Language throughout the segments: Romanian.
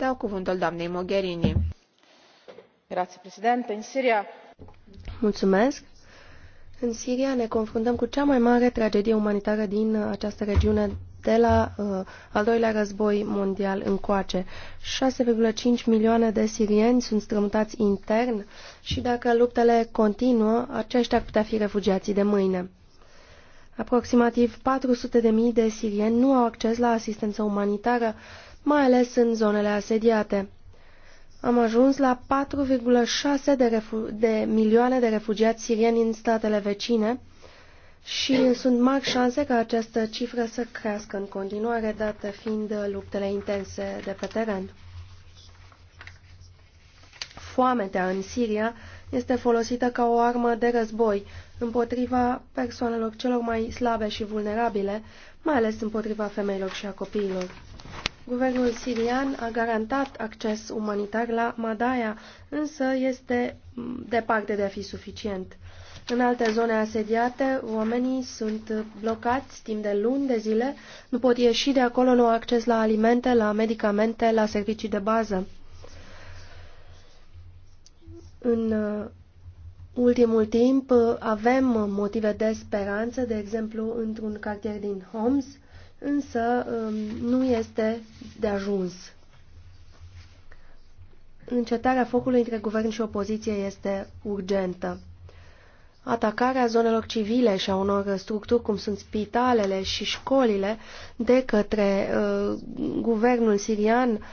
Dau cuvântul Mogherini. În Siria... Mulțumesc. În Siria ne confruntăm cu cea mai mare tragedie umanitară din această regiune de la uh, al doilea război mondial încoace. 6,5 milioane de sirieni sunt strămutați intern și dacă luptele continuă, aceștia ar putea fi refugiații de mâine. Aproximativ 400.000 de sirieni nu au acces la asistență umanitară mai ales în zonele asediate. Am ajuns la 4,6 de, de milioane de refugiați sirieni în statele vecine și sunt mari șanse ca această cifră să crească în continuare, dată fiind luptele intense de pe teren. Foametea în Siria este folosită ca o armă de război împotriva persoanelor celor mai slabe și vulnerabile, mai ales împotriva femeilor și a copiilor. Guvernul sirian a garantat acces umanitar la Madaya, însă este departe de a fi suficient. În alte zone asediate, oamenii sunt blocați timp de luni de zile, nu pot ieși de acolo, nu au acces la alimente, la medicamente, la servicii de bază. În uh, ultimul timp avem motive de speranță, de exemplu într-un cartier din Homs, însă um, nu este de ajuns. Încetarea focului între guvern și opoziție este urgentă. Atacarea zonelor civile și a unor structuri cum sunt spitalele și școlile de către uh, guvernul sirian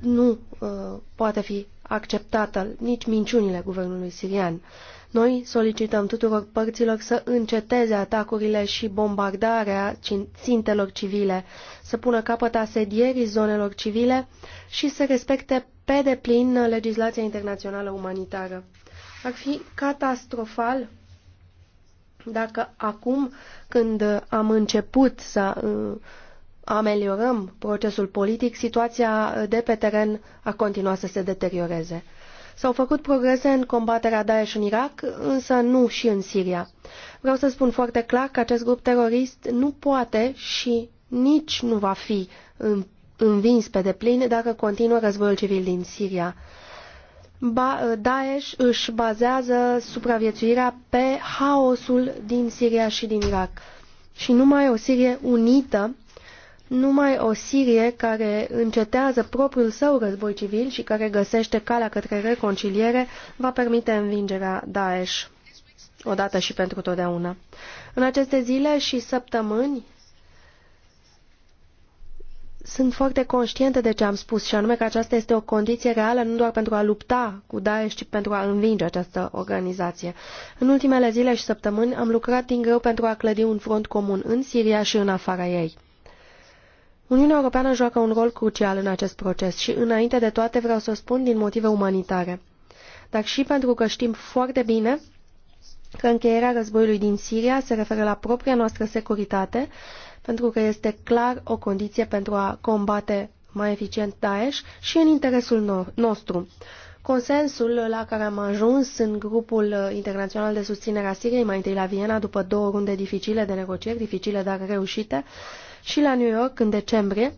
nu uh, poate fi acceptată, nici minciunile guvernului sirian. Uh, noi solicităm tuturor părților să înceteze atacurile și bombardarea țintelor civile, să pună capăt asedierii zonelor civile și să respecte pe deplin legislația internațională umanitară. Ar fi catastrofal dacă acum, când am început să uh, ameliorăm procesul politic, situația de pe teren a continuat să se deterioreze. S-au făcut progrese în combaterea Daesh în Irak, însă nu și în Siria. Vreau să spun foarte clar că acest grup terorist nu poate și nici nu va fi învins pe deplin dacă continuă războiul civil din Siria. Ba Daesh își bazează supraviețuirea pe haosul din Siria și din Irak. Și numai o Sirie unită numai o Sirie care încetează propriul său război civil și care găsește calea către reconciliere va permite învingerea Daesh odată și pentru totdeauna. În aceste zile și săptămâni sunt foarte conștientă de ce am spus și anume că aceasta este o condiție reală nu doar pentru a lupta cu Daesh, ci pentru a învinge această organizație. În ultimele zile și săptămâni am lucrat din greu pentru a clădi un front comun în Siria și în afara ei. Uniunea Europeană joacă un rol crucial în acest proces și, înainte de toate, vreau să spun din motive umanitare, dar și pentru că știm foarte bine că încheierea războiului din Siria se referă la propria noastră securitate, pentru că este clar o condiție pentru a combate mai eficient Daesh și în interesul no nostru. Consensul la care am ajuns în grupul internațional de susținere a Siriei, mai întâi la Viena, după două runde dificile de negocieri, dificile dar reușite, și la New York în decembrie,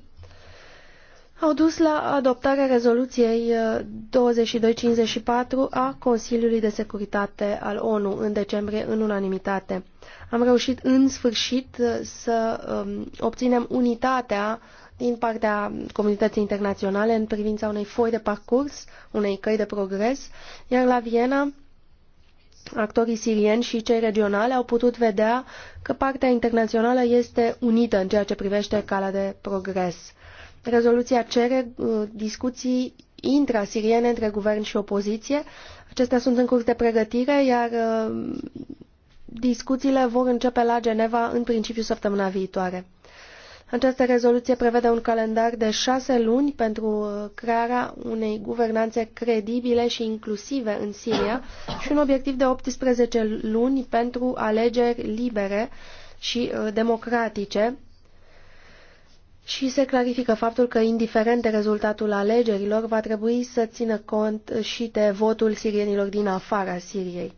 au dus la adoptarea rezoluției 2254 uh, a Consiliului de Securitate al ONU în decembrie în unanimitate. Am reușit în sfârșit uh, să um, obținem unitatea din partea comunității internaționale în privința unei foi de parcurs, unei căi de progres, iar la Viena actorii sirieni și cei regionali au putut vedea că partea internațională este unită în ceea ce privește calea de progres. Rezoluția cere uh, discuții intrasiriene între guvern și opoziție. Acestea sunt în curs de pregătire, iar uh, discuțiile vor începe la Geneva în principiu săptămâna viitoare. Această rezoluție prevede un calendar de șase luni pentru uh, crearea unei guvernanțe credibile și inclusive în Siria și un obiectiv de 18 luni pentru alegeri libere și uh, democratice. Și se clarifică faptul că, indiferent de rezultatul alegerilor, va trebui să țină cont și de votul sirienilor din afara Siriei.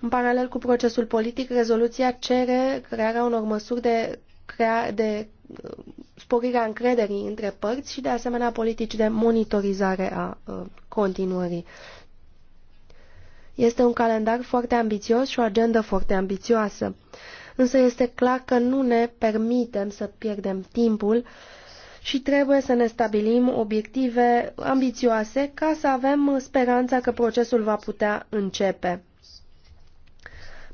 În paralel cu procesul politic, rezoluția cere crearea unor măsuri de, crea, de sporirea încrederii între părți și, de asemenea, politici de monitorizare a uh, continuării. Este un calendar foarte ambițios și o agendă foarte ambițioasă, însă este clar că nu ne permitem să pierdem timpul și trebuie să ne stabilim obiective ambițioase ca să avem speranța că procesul va putea începe.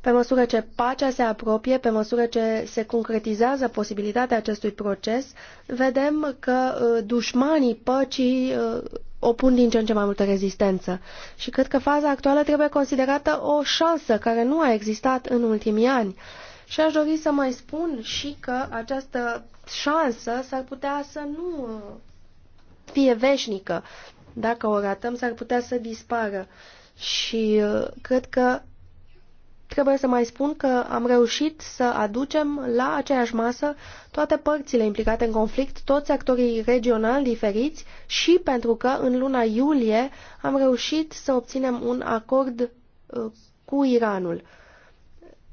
Pe măsură ce pacea se apropie, pe măsură ce se concretizează posibilitatea acestui proces, vedem că uh, dușmanii păcii uh, opun din ce în ce mai multă rezistență. Și cred că faza actuală trebuie considerată o șansă care nu a existat în ultimii ani. Și aș dori să mai spun și că această șansă s-ar putea să nu uh, fie veșnică. Dacă o ratăm, s-ar putea să dispară. Și cred că Trebuie să mai spun că am reușit să aducem la aceeași masă toate părțile implicate în conflict, toți actorii regionali diferiți și pentru că în luna iulie am reușit să obținem un acord uh, cu Iranul,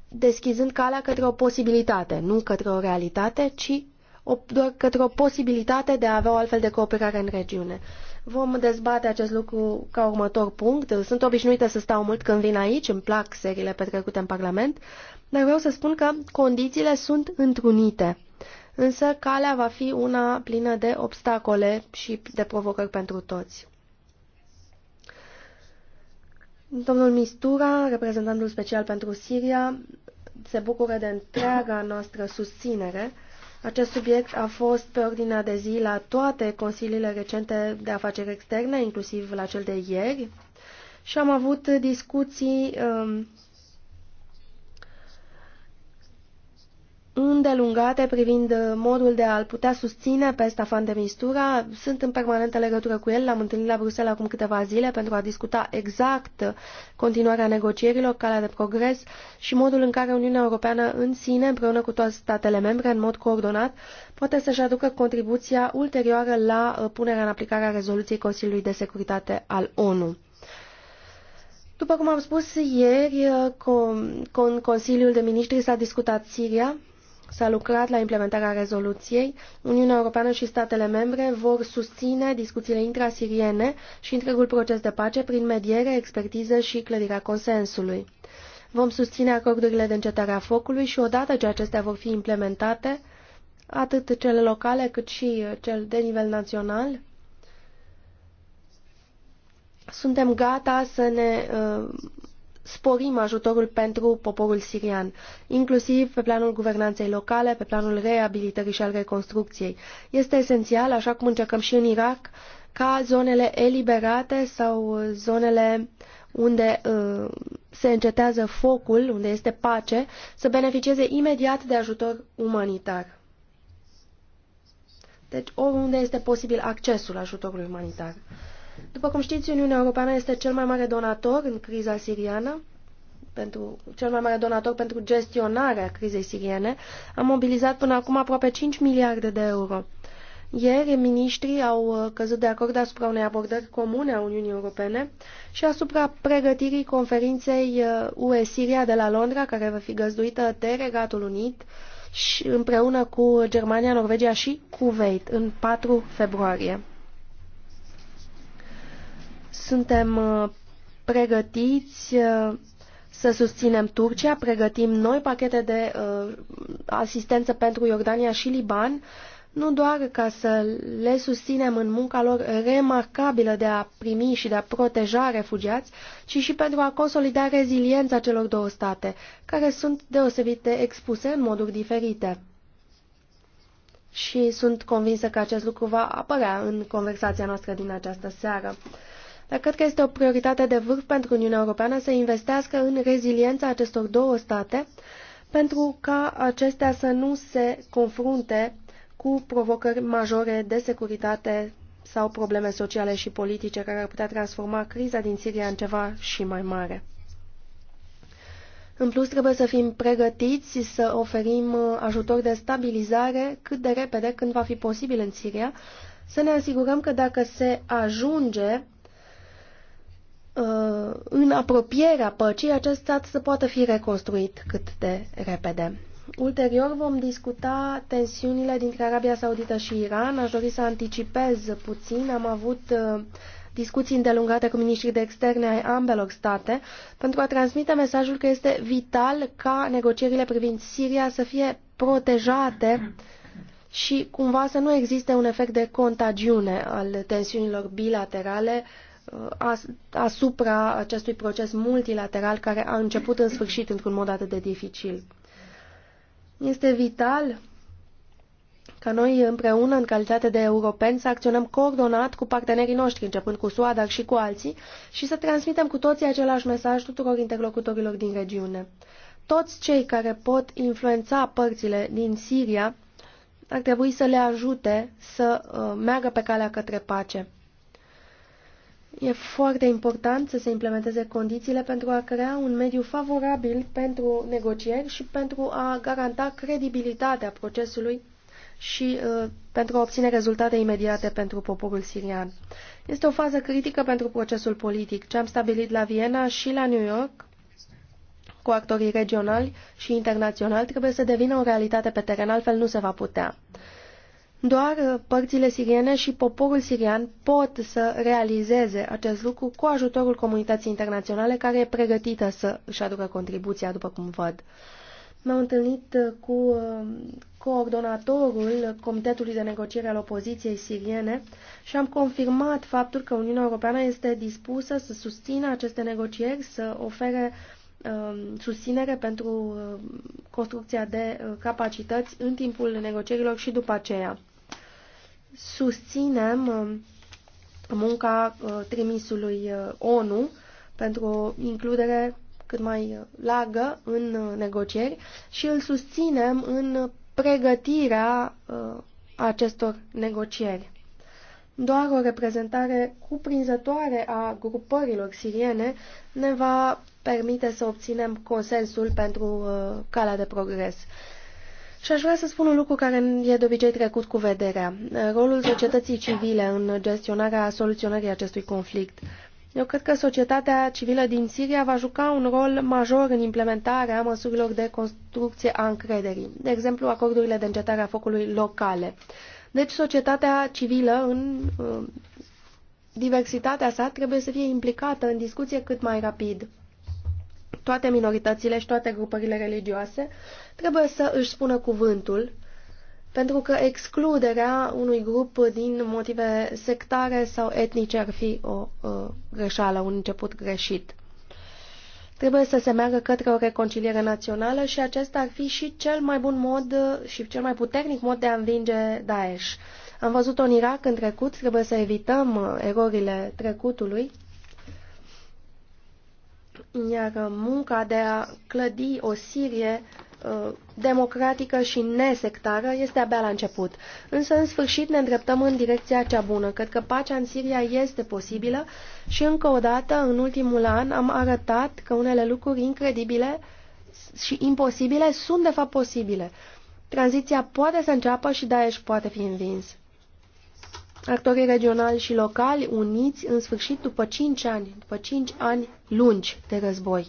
deschizând calea către o posibilitate, nu către o realitate, ci o, doar către o posibilitate de a avea o altfel de cooperare în regiune. Vom dezbate acest lucru ca următor punct. Sunt obișnuită să stau mult când vin aici, îmi plac seriile petrecute în Parlament, dar vreau să spun că condițiile sunt întrunite. Însă calea va fi una plină de obstacole și de provocări pentru toți. Domnul Mistura, reprezentantul special pentru Siria, se bucură de întreaga noastră susținere acest subiect a fost pe ordinea de zi la toate consiliile recente de afaceri externe, inclusiv la cel de ieri, și am avut discuții uh, îndelungate privind uh, modul de a-l putea susține pe Stafan de Mistura. Sunt în permanentă legătură cu el, l-am întâlnit la Bruxelles acum câteva zile pentru a discuta exact uh, continuarea negocierilor, calea de progres și modul în care Uniunea Europeană în sine, împreună cu toate statele membre, în mod coordonat, poate să-și aducă contribuția ulterioară la uh, punerea în aplicare a rezoluției Consiliului de Securitate al ONU. După cum am spus ieri, con Consiliul de Ministri s-a discutat Siria, S-a lucrat la implementarea rezoluției. Uniunea Europeană și statele membre vor susține discuțiile intrasiriene și întregul proces de pace prin mediere, expertiză și clădirea consensului. Vom susține acordurile de încetare a focului și odată ce acestea vor fi implementate, atât cele locale cât și cel de nivel național, suntem gata să ne uh, sporim ajutorul pentru poporul sirian, inclusiv pe planul guvernanței locale, pe planul reabilitării și al reconstrucției. Este esențial, așa cum încercăm și în Irak, ca zonele eliberate sau zonele unde uh, se încetează focul, unde este pace, să beneficieze imediat de ajutor umanitar. Deci oriunde este posibil accesul ajutorului umanitar. Uh, după cum știți, Uniunea Europeană este cel mai mare donator în criza siriană, pentru, cel mai mare donator pentru gestionarea crizei siriene. a mobilizat până acum aproape 5 miliarde de euro. Ieri, miniștrii au uh, căzut de acord asupra unei abordări comune a Uniunii Europene și asupra pregătirii conferinței UE-Siria uh, de la Londra, care va fi găzduită de Regatul Unit și împreună cu Germania, Norvegia și Kuwait în 4 februarie. Suntem uh, pregătiți uh, să susținem Turcia, pregătim noi pachete de uh, asistență pentru Iordania și Liban, nu doar ca să le susținem în munca lor remarcabilă de a primi și de a proteja refugiați, ci și pentru a consolida reziliența celor două state, care sunt deosebit de expuse în moduri diferite. Și sunt convinsă că acest lucru va apărea în conversația noastră din această seară. Dar cred că este o prioritate de vârf pentru Uniunea Europeană să investească în reziliența acestor două state pentru ca acestea să nu se confrunte cu provocări majore de securitate sau probleme sociale și politice care ar putea transforma criza din Siria în ceva și mai mare. În plus, trebuie să fim pregătiți să oferim ajutor de stabilizare cât de repede, când va fi posibil în Siria, să ne asigurăm că dacă se ajunge Uh, în apropierea păcii acest stat să poată fi reconstruit cât de repede. Ulterior vom discuta tensiunile dintre Arabia Saudită și Iran. Aș dori să anticipez puțin. Am avut uh, discuții îndelungate cu ministrii de externe ai ambelor state pentru a transmite mesajul că este vital ca negocierile privind Siria să fie protejate și cumva să nu existe un efect de contagiune al tensiunilor bilaterale uh, asupra acestui proces multilateral care a început în sfârșit într-un mod atât de dificil. Este vital ca noi împreună, în calitate de europeni, să acționăm coordonat cu partenerii noștri, începând cu SUA, dar și cu alții, și să transmitem cu toții același mesaj tuturor interlocutorilor din regiune. Toți cei care pot influența părțile din Siria ar trebui să le ajute să uh, meargă pe calea către pace. E foarte important să se implementeze condițiile pentru a crea un mediu favorabil pentru negocieri și pentru a garanta credibilitatea procesului și uh, pentru a obține rezultate imediate pentru poporul sirian. Este o fază critică pentru procesul politic. Ce am stabilit la Viena și la New York cu actorii regionali și internaționali trebuie să devină o realitate pe teren, altfel nu se va putea. Doar uh, părțile siriene și poporul sirian pot să realizeze acest lucru cu ajutorul comunității internaționale care e pregătită să își aducă contribuția, după cum văd. M-am întâlnit uh, cu uh, coordonatorul Comitetului de Negociere al Opoziției Siriene și am confirmat faptul că Uniunea Europeană este dispusă să susțină aceste negocieri, să ofere um, susținere pentru construcția de capacități în timpul negocierilor și după aceea susținem um, munca uh, trimisului uh, ONU pentru o includere cât mai uh, largă în negocieri și îl susținem în pregătirea acestor negocieri. Doar o reprezentare cuprinzătoare a grupărilor siriene ne va permite să obținem consensul pentru calea de progres. Și aș vrea să spun un lucru care e de obicei trecut cu vederea. Rolul societății civile în gestionarea soluționării acestui conflict. Eu cred că societatea civilă din Siria va juca un rol major în implementarea măsurilor de construcție a încrederii, de exemplu acordurile de încetare a focului locale. Deci societatea civilă în uh, diversitatea sa trebuie să fie implicată în discuție cât mai rapid toate minoritățile și toate grupările religioase trebuie să își spună cuvântul, pentru că excluderea unui grup din motive sectare sau etnice ar fi o uh, greșeală, un început greșit. Trebuie să se meargă către o reconciliere națională și acesta ar fi și cel mai bun mod și cel mai puternic mod de a învinge Daesh. Am văzut-o în Irak în trecut, trebuie să evităm erorile trecutului iar munca de a clădi o Sirie uh, democratică și nesectară este abia la început. Însă, în sfârșit, ne îndreptăm în direcția cea bună. Cred că pacea în Siria este posibilă și, încă o dată, în ultimul an am arătat că unele lucruri incredibile și imposibile sunt, de fapt, posibile. Tranziția poate să înceapă și Daesh poate fi învins actorii regionali și locali uniți în sfârșit după 5 ani, după 5 ani lungi de război.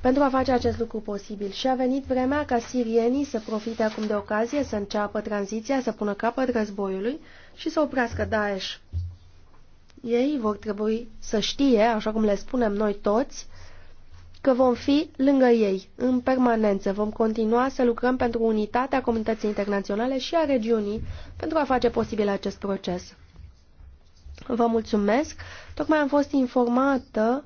Pentru a face acest lucru posibil și a venit vremea ca sirienii să profite acum de ocazie să înceapă tranziția, să pună capăt războiului și să oprească Daesh. Ei vor trebui să știe, așa cum le spunem noi toți, că vom fi lângă ei, în permanență. Vom continua să lucrăm pentru unitatea comunității internaționale și a regiunii pentru a face posibil acest proces. Vă mulțumesc. Tocmai am fost informată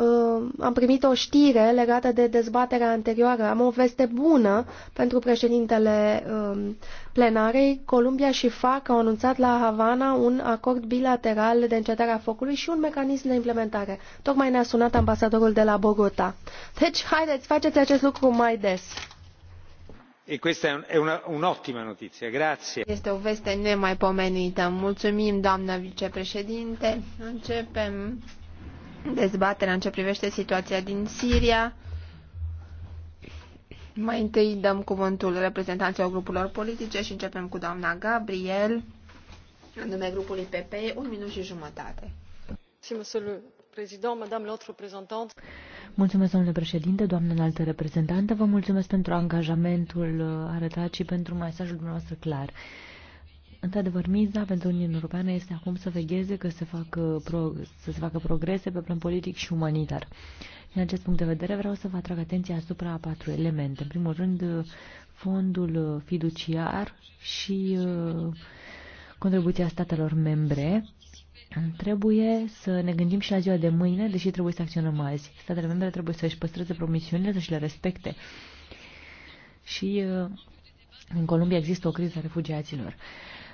Uh, am primit o știre legată de dezbaterea anterioară. Am o veste bună pentru președintele um, plenarei. Columbia și FAC au anunțat la Havana un acord bilateral de încetare a focului și un mecanism de implementare. Tocmai ne-a sunat ambasadorul de la Bogota. Deci, haideți, faceți acest lucru mai des. E questa è un'ottima notizia, grazie. Este o veste nemaipomenită. Mulțumim, doamnă vicepreședinte. Începem dezbaterea în ce privește situația din Siria. Mai întâi dăm cuvântul reprezentanților grupurilor politice și începem cu doamna Gabriel, în nume grupului PP, un minut și jumătate. Mulțumesc, domnule președinte, doamnă înaltă reprezentantă, vă mulțumesc pentru angajamentul uh, arătat și pentru mesajul dumneavoastră clar. Uh, Într-adevăr, miza pentru Uniunea Europeană este acum să vegheze că se facă uh, pro, să se facă progrese pe plan politic și umanitar. Din acest punct de vedere, vreau să vă atrag atenția asupra a patru elemente. În primul rând, uh, fondul uh, fiduciar și contribuția statelor membre. Trebuie să ne gândim și la ziua de mâine, deși trebuie să acționăm azi. Statele membre trebuie să-și păstreze promisiunile, să-și le respecte. Și în Columbia există o criză a refugiaților.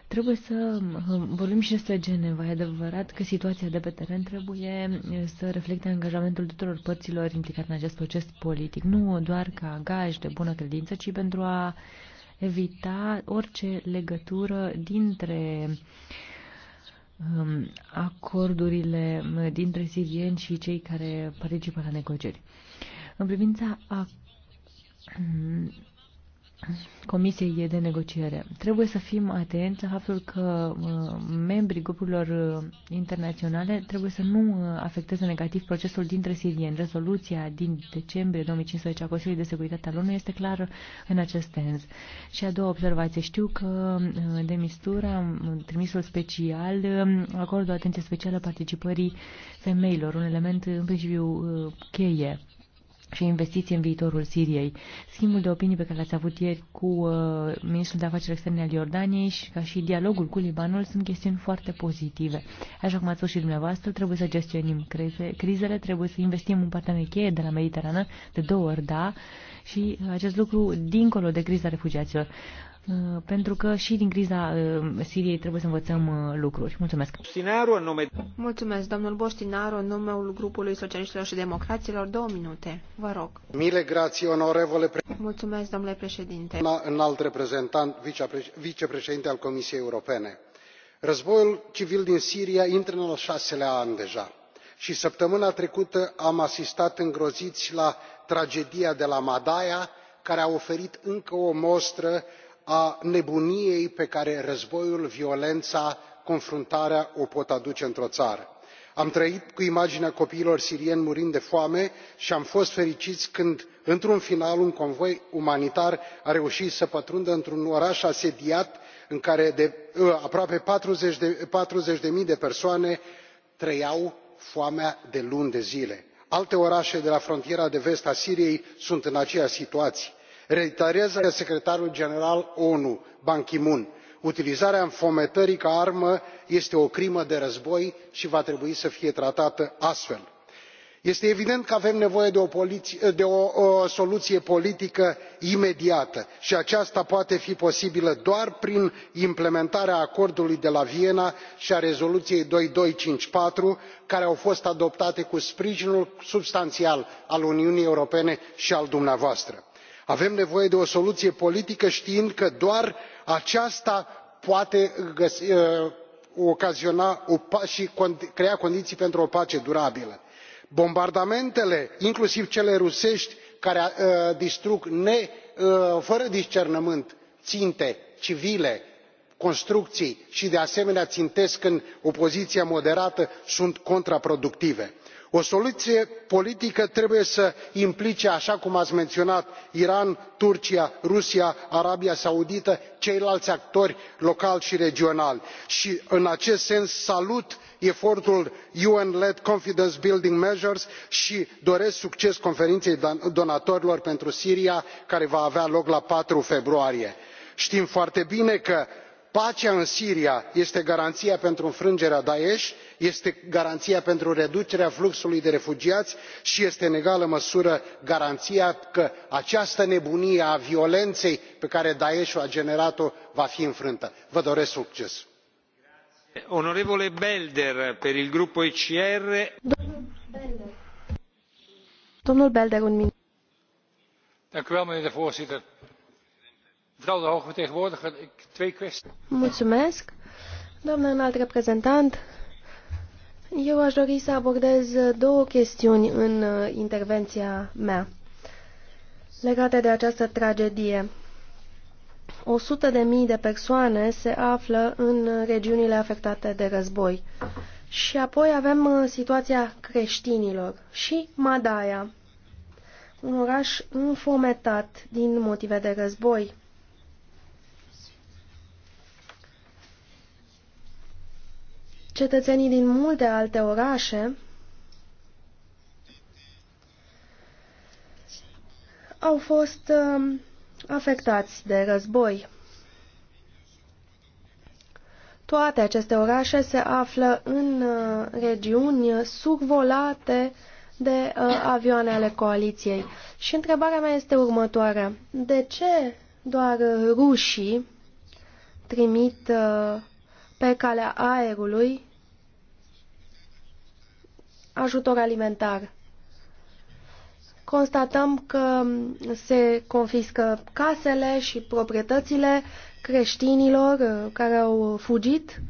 Trebuie să uh, vorbim și despre Geneva. E adevărat că situația de pe teren trebuie uh, să reflecte angajamentul tuturor părților implicate în acest proces politic, nu doar ca gaj de bună credință, ci pentru a evita orice legătură dintre um, acordurile uh, dintre sirieni și cei care participă la negocieri. În privința a Comisiei de negociere. Trebuie să fim atenți la faptul că uh, membrii grupurilor uh, internaționale trebuie să nu uh, afecteze negativ procesul dintre sirieni. Rezoluția din decembrie 2015 a Consiliului de Securitate al ONU este clară în acest sens. Și a doua observație. Știu că de mistura, um, trimisul special, um, acordă o atenție specială participării femeilor, un element în principiu cheie și investiții în viitorul Siriei. Schimbul de opinii pe care l-ați avut ieri cu uh, ministrul de afaceri externe al Iordaniei și ca și dialogul cu Libanul sunt chestiuni foarte pozitive. Așa cum ați spus și dumneavoastră, trebuie să gestionim crize, crizele, trebuie să investim în parteneri cheie de la Mediterană, de două ori, da, și acest lucru dincolo de criza refugiaților. Uh, pentru că și din criza uh, Siriei trebuie să învățăm uh, lucruri. Mulțumesc. nume... Mulțumesc, domnul Boștinaru, în numele grupului socialiștilor și democraților, două minute. Vă rog. Mile grații, onorevole pre... Mulțumesc, domnule președinte. alt reprezentant, vicepreședinte al Comisiei Europene. Războiul civil din Siria intră în al șaselea an deja. Și săptămâna trecută am asistat îngroziți la tragedia de la Madaia, care a oferit încă o mostră a nebuniei pe care războiul violența confruntarea o pot aduce într o țară. am trăit cu imaginea copiilor sirieni murind de foame și am fost fericiți când într un final un convoi umanitar a reușit să pătrundă într un oraș asediat în care uh, aproape patruzeci zero de persoane trăiau foamea de luni de zile. alte orașe de la frontiera de vest a siriei sunt în aceeași situație reiterez secretarul general onu ban ki moon utilizarea înfometării ca armă este o crimă de război și va trebui să fie tratată astfel. este evident că avem nevoie de o soluție politică imediată și aceasta poate fi posibilă doar prin implementarea acordului de la viena și a rezoluției două mii doi sute cincizeci și patru care au fost adoptate cu sprijinul substanțial al uniunii europene și al dumneavoastră avem nevoie de o soluție politică știind că doar aceasta poate uh, ocaziona și crea condiții pentru o pace durabilă. bombardamentele inclusiv cele rusești care uh, distrug uh, fără discernământ ținte civile construcții și de asemenea țintesc în opoziția moderată sunt contraproductive o soluție politică trebuie să implice așa cum ați menționat iran turcia rusia arabia saudită ceilalți actori locali și regionali și în acest sens salut efortul un led confidence building measures și doresc succes conferinței donatorilor pentru siria care va avea loc la patru februarie. știm foarte bine că pacea în siria este garanția pentru înfrângerea daesh este garanția pentru reducerea fluxului de refugiați și este în egală măsură garanția că această nebunie a violenței pe care daesh ul a generat o va fi înfrântă. vă doresc succes! domnule Vreau la hoge vertegenwoordiger, twee kwestii. Mulțumesc. Doamna înalt reprezentant, eu aș dori să abordez două chestiuni în uh, intervenția mea legate de această tragedie. sută de mii de persoane se află în regiunile afectate de război. Și apoi avem uh, situația creștinilor și Madaia, un oraș înfometat din motive de război. cetățenii din multe alte orașe au fost uh, afectați de război. Toate aceste orașe se află în uh, regiuni survolate de uh, avioane ale coaliției. Și întrebarea mea este următoarea. De ce doar rușii trimit uh, pe calea aerului ajutor alimentar. Constatăm că se confiscă casele și proprietățile creștinilor uh, care au fugit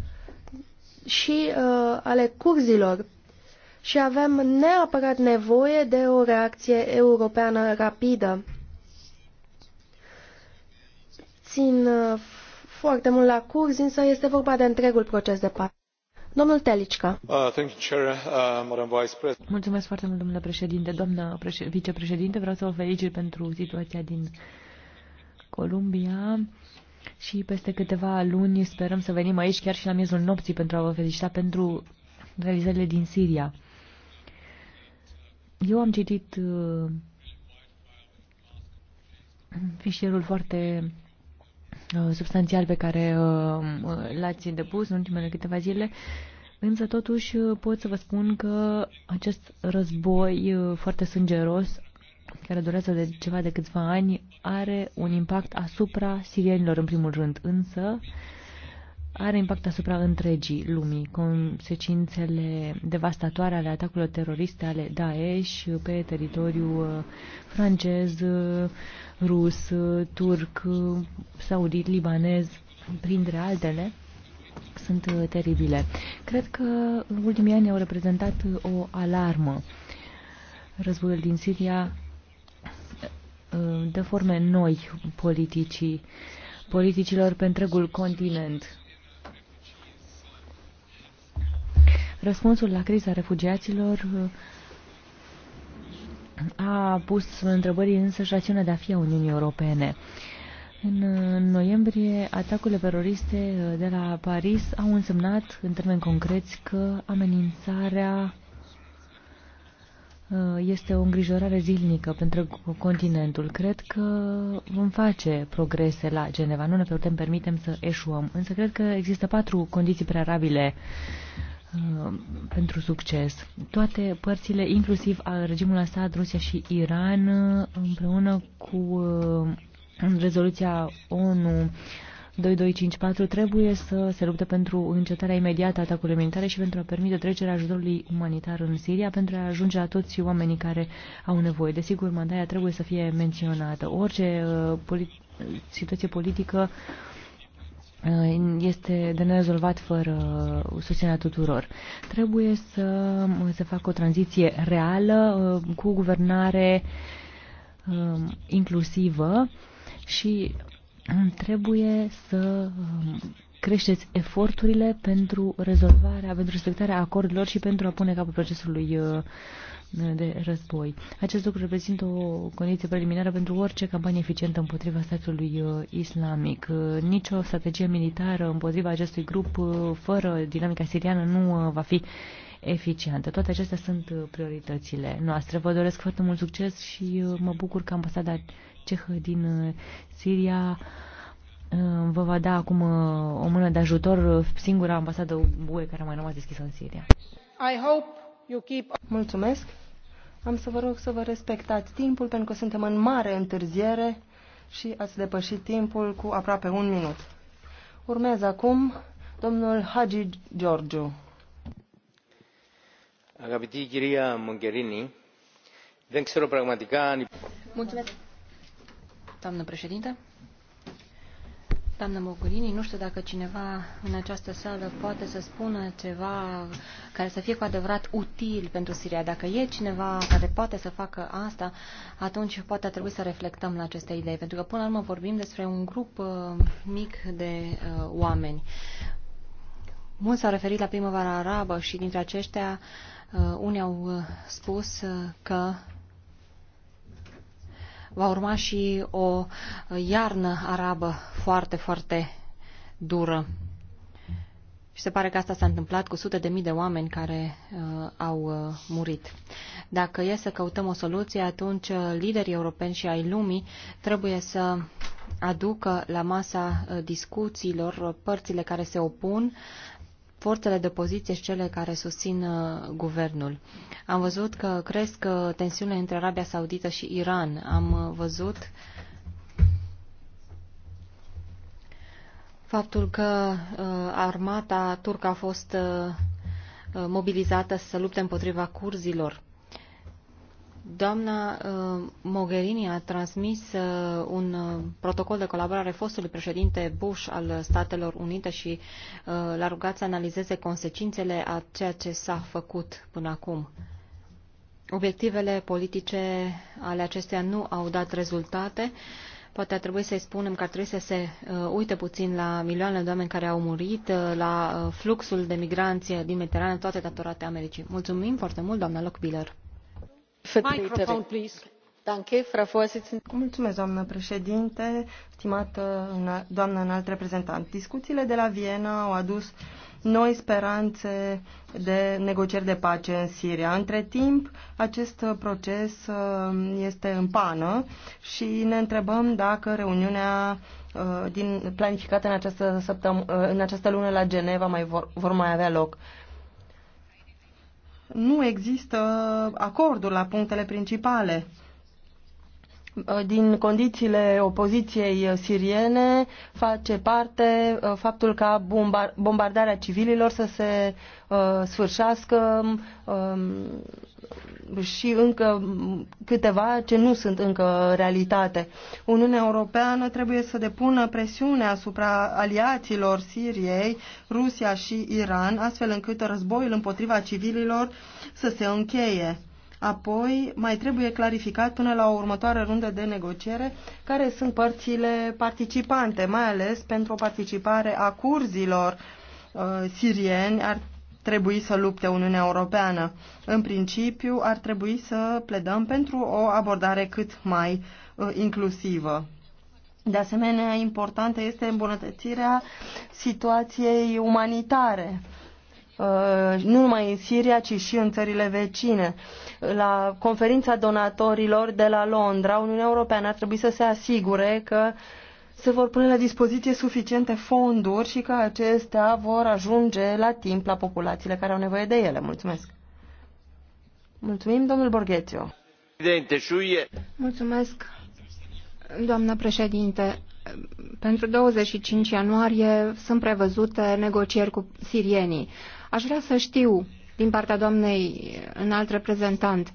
și uh, ale curzilor și avem neapărat nevoie de o reacție europeană rapidă. Țin uh, foarte mult la curs, însă este vorba de întregul proces de pace. Domnul Telicca. Uh, uh, Mulțumesc foarte mult, domnule președinte. Doamnă vicepreședinte, vreau să vă felicit pentru situația din Columbia și peste câteva luni sperăm să venim aici chiar și la miezul nopții pentru a vă felicita pentru realizările din Siria. Eu am citit uh, fișierul foarte Uh, substanțial pe care uh, uh, l-ați depus în ultimele câteva zile, însă totuși pot să vă spun că acest război foarte sângeros care durează de ceva de câțiva ani, are un impact asupra sirienilor în primul rând, însă are impact asupra întregii lumii. Consecințele devastatoare ale atacurilor teroriste ale Daesh pe teritoriul uh, francez, uh, rus, uh, turc, saudit, libanez, printre altele, sunt teribile. Cred că în ultimii ani au reprezentat o alarmă. Războiul din Siria de forme noi politicii, politicilor pe întregul continent Răspunsul la criza refugiaților uh, a pus întrebări însă și rațiunea de a fi a Uniunii Europene. În noiembrie, atacurile teroriste uh, de la Paris au însemnat, în termeni concreți, că amenințarea uh, este o îngrijorare zilnică pentru continentul. Cred că vom face progrese la Geneva. Nu ne putem permitem să eșuăm. Însă cred că există patru condiții prearabile Uh, pentru succes. Toate părțile, inclusiv al regimul Assad, Rusia și Iran, uh, împreună cu uh, rezoluția ONU 2254, trebuie să se lupte pentru încetarea imediată a atacurilor militare și pentru a permite trecerea ajutorului umanitar în Siria, pentru a ajunge la toți oamenii care au nevoie. Desigur, mandaia trebuie să fie menționată. Orice uh, polit situație politică uh, este de nerezolvat fără susținerea tuturor. Trebuie să se facă o tranziție reală uh, cu guvernare um, inclusivă și um, trebuie să um, creșteți eforturile pentru rezolvarea, pentru respectarea acordurilor și pentru a pune capul procesului uh, Uh, de război. Acest lucru reprezintă o condiție preliminară pentru orice campanie eficientă împotriva statului uh, islamic. Uh, nicio strategie militară împotriva acestui grup fără dinamica siriană nu va fi eficientă. Toate acestea sunt prioritățile noastre. Vă doresc foarte mult succes și mă bucur că ambasada cehă din Siria vă va da acum o mână de ajutor singura ambasadă UE care a mai rămas deschisă în Siria. I hope Mulțumesc. Am să vă rog să vă respectați timpul, pentru că suntem în mare întârziere și ați depășit timpul cu aproape un minut. Urmează acum domnul Hagi Giorgiu. Agapiti Chiria Mogherini, δεν Pragmatica... Mulțumesc, doamnă președinte. Doamnă Mogurini, nu știu dacă cineva în această sală poate să spună ceva care să fie cu adevărat util pentru Siria. Dacă e cineva care poate să facă asta, atunci poate trebui să reflectăm la aceste idei, pentru că până la urmă vorbim despre un grup uh, mic de uh, oameni. Mulți s-au referit la primăvara arabă și dintre aceștia uh, unii au uh, spus uh, că va urma și o iarnă arabă foarte, foarte dură. Și se pare că asta s-a întâmplat cu sute de mii de oameni care uh, au uh, murit. Dacă e să căutăm o soluție, atunci uh, liderii europeni și ai lumii trebuie să aducă la masa uh, discuțiilor uh, părțile care se opun forțele de poziție și cele care susțin uh, guvernul. Am văzut că cresc uh, tensiunile între Arabia Saudită și Iran. Am uh, văzut faptul că armata turcă a fost mobilizată să lupte împotriva curzilor. Doamna uh, Mogherini a transmis uh, un uh, protocol de colaborare fostului președinte Bush al Statelor Unite și l-a rugat să analizeze consecințele a ceea ce s-a făcut până acum. Obiectivele politice ale acesteia nu au dat rezultate. Poate ar trebui să-i spunem că ar trebui să se uite puțin la milioanele de oameni care au murit, la fluxul de migranți din Mediterană, toate datorate Americii. Mulțumim foarte mult, doamna Lockbiller. Mulțumesc, doamnă președinte stimată doamnă înalt reprezentant discuțiile de la viena au adus noi speranțe de negocieri de pace în Siria. Între timp, acest proces ă, este în pană și ne întrebăm dacă reuniunea ă, din, planificată în această, săptăm- ă, în această lună la Geneva mai vor, vor mai avea loc nu există acordul la punctele principale. Uh, din condițiile opoziției siriene face parte uh, faptul ca bombardarea civililor să se uh, sfârșească um, și încă câteva ce nu sunt încă realitate. Uniunea Europeană trebuie să depună presiune asupra aliaților Siriei, Rusia și Iran, astfel încât războiul împotriva civililor să se încheie. Apoi mai trebuie clarificat până la o următoare rundă de negociere care sunt părțile participante, mai ales pentru o participare a curzilor uh, sirieni ar trebui să lupte Uniunea Europeană. În principiu, ar trebui să pledăm pentru o abordare cât mai uh, inclusivă. De asemenea, importantă este îmbunătățirea situației umanitare, uh, nu numai în Siria, ci și în țările vecine. La conferința donatorilor de la Londra, Uniunea Europeană ar trebui să se asigure că uh, se vor pune la dispoziție suficiente fonduri și că acestea vor ajunge la timp la populațiile care au nevoie de ele. Mulțumesc! Mulțumim, domnul Borghețiu. Mulțumesc, doamnă președinte. Pentru 25 ianuarie sunt prevăzute negocieri cu sirienii. Aș vrea să știu, din partea doamnei înalt reprezentant,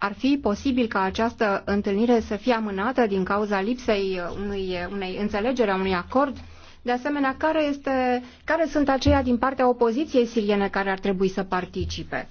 ar fi posibil ca această întâlnire să fie amânată din cauza lipsei unui, unei înțelegeri, a unui acord? De asemenea, care, este, care sunt aceia din partea opoziției siriene care ar trebui să participe?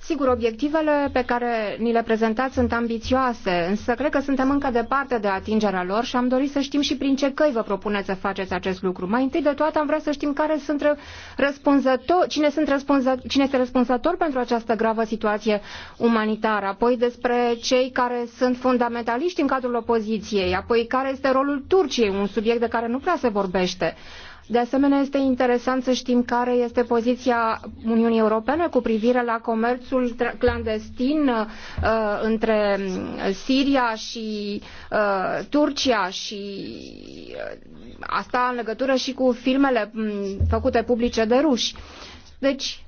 Sigur, obiectivele pe care ni le prezentați sunt ambițioase, însă cred că suntem încă departe de atingerea lor și am dorit să știm și prin ce căi vă propuneți să faceți acest lucru. Mai întâi de toate am vrea să știm care sunt răspunzător, cine, sunt cine este răspunzător pentru această gravă situație umanitară, apoi despre cei care sunt fundamentaliști în cadrul opoziției, apoi care este rolul Turciei, un subiect de care nu prea se vorbește. De asemenea, este interesant să știm care este poziția Uniunii Europene cu privire la comerțul clandestin uh, între mm, Siria și uh, Turcia și uh, asta în legătură și cu filmele mm, făcute publice de ruși. Deci,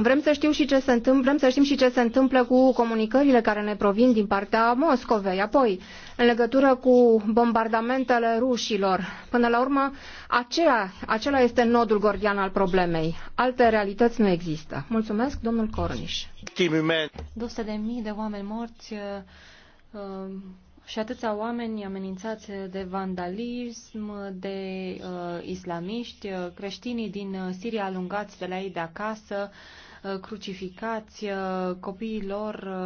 Vrem să, știu și ce se întâmplă, vrem să știm și ce se întâmplă cu comunicările care ne provin din partea Moscovei. Apoi, în legătură cu bombardamentele rușilor, până la urmă, acela, acela este nodul gordian al problemei. Alte realități nu există. Mulțumesc, domnul Corniș. 200 de mii de oameni morți uh, și atâția oameni amenințați de vandalism, de uh, islamiști, uh, creștinii din Siria alungați de la ei de acasă, uh, Uh, crucificați, uh, copiilor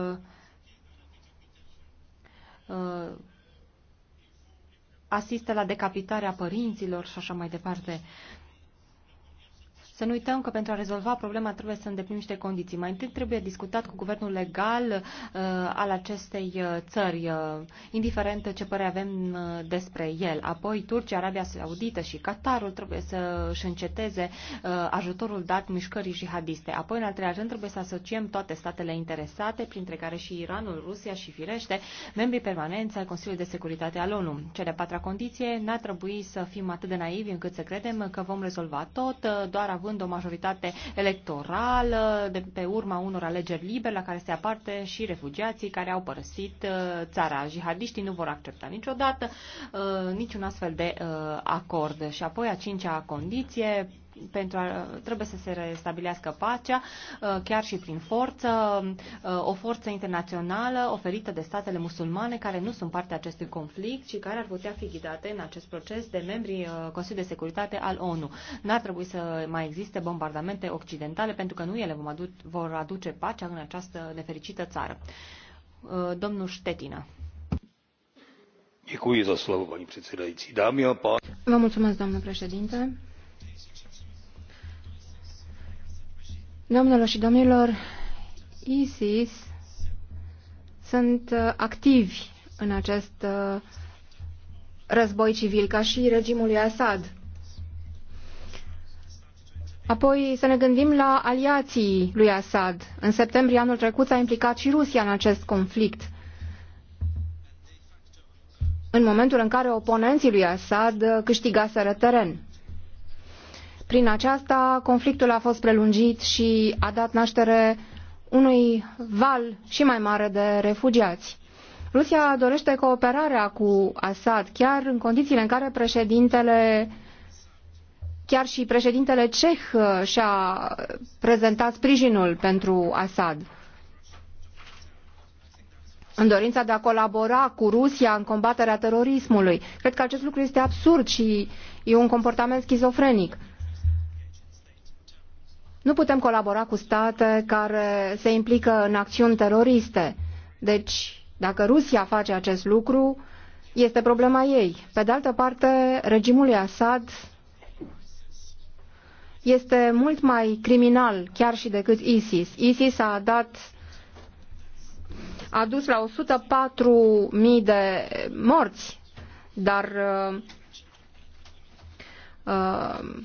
uh, asistă la decapitarea părinților și așa mai departe. Să nu uităm că pentru a rezolva problema trebuie să îndeplinim niște condiții. Mai întâi trebuie discutat cu guvernul legal uh, al acestei uh, țări, uh, indiferent ce părere avem uh, despre el. Apoi Turcia, Arabia Saudită și Qatarul trebuie să își înceteze uh, ajutorul dat mișcării jihadiste. Apoi, în al treilea rând, trebuie să asociem toate statele interesate, printre care și Iranul, Rusia și, firește, membrii permanenți al Consiliului de Securitate al ONU. Cea de-a patra condiție, n-ar trebui să fim atât de naivi încât să credem că vom rezolva tot uh, doar având o majoritate electorală de pe urma unor alegeri libere la care se aparte și refugiații care au părăsit uh, țara. Jihadiștii nu vor accepta niciodată uh, niciun astfel de uh, acord. Și apoi a cincea condiție, pentru a, trebuie să se restabilească pacea, ă, chiar și prin forță, ă, o forță internațională oferită de statele musulmane care nu sunt parte a acestui conflict și care ar putea fi ghidate în acest proces de membrii ă, Consiliului de Securitate al ONU. N-ar trebui să mai existe bombardamente occidentale pentru că nu ele vom adu- vor aduce pacea în această nefericită țară. Domnul Ștetina. Vă mulțumesc, doamnă președinte. Domnilor și domnilor, ISIS sunt uh, activi în acest uh, război civil, ca și regimul lui Assad. Apoi să ne gândim la aliații lui Assad. În septembrie anul trecut s-a implicat și Rusia în acest conflict. În momentul în care oponenții lui Assad uh, câștigaseră teren. Prin aceasta, conflictul a fost prelungit și a dat naștere unui val și mai mare de refugiați. Rusia dorește cooperarea cu Assad, chiar în condițiile în care președintele chiar și președintele ceh uh, și-a prezentat sprijinul pentru Assad. În dorința de a colabora cu Rusia în combaterea terorismului. Cred că acest lucru este absurd și e un comportament schizofrenic. Nu putem colabora cu state care se implică în acțiuni teroriste. Deci, dacă Rusia face acest lucru, este problema ei. Pe de altă parte, regimul lui Assad este mult mai criminal chiar și decât ISIS. ISIS a dat a dus la 104.000 de morți, dar uh, uh,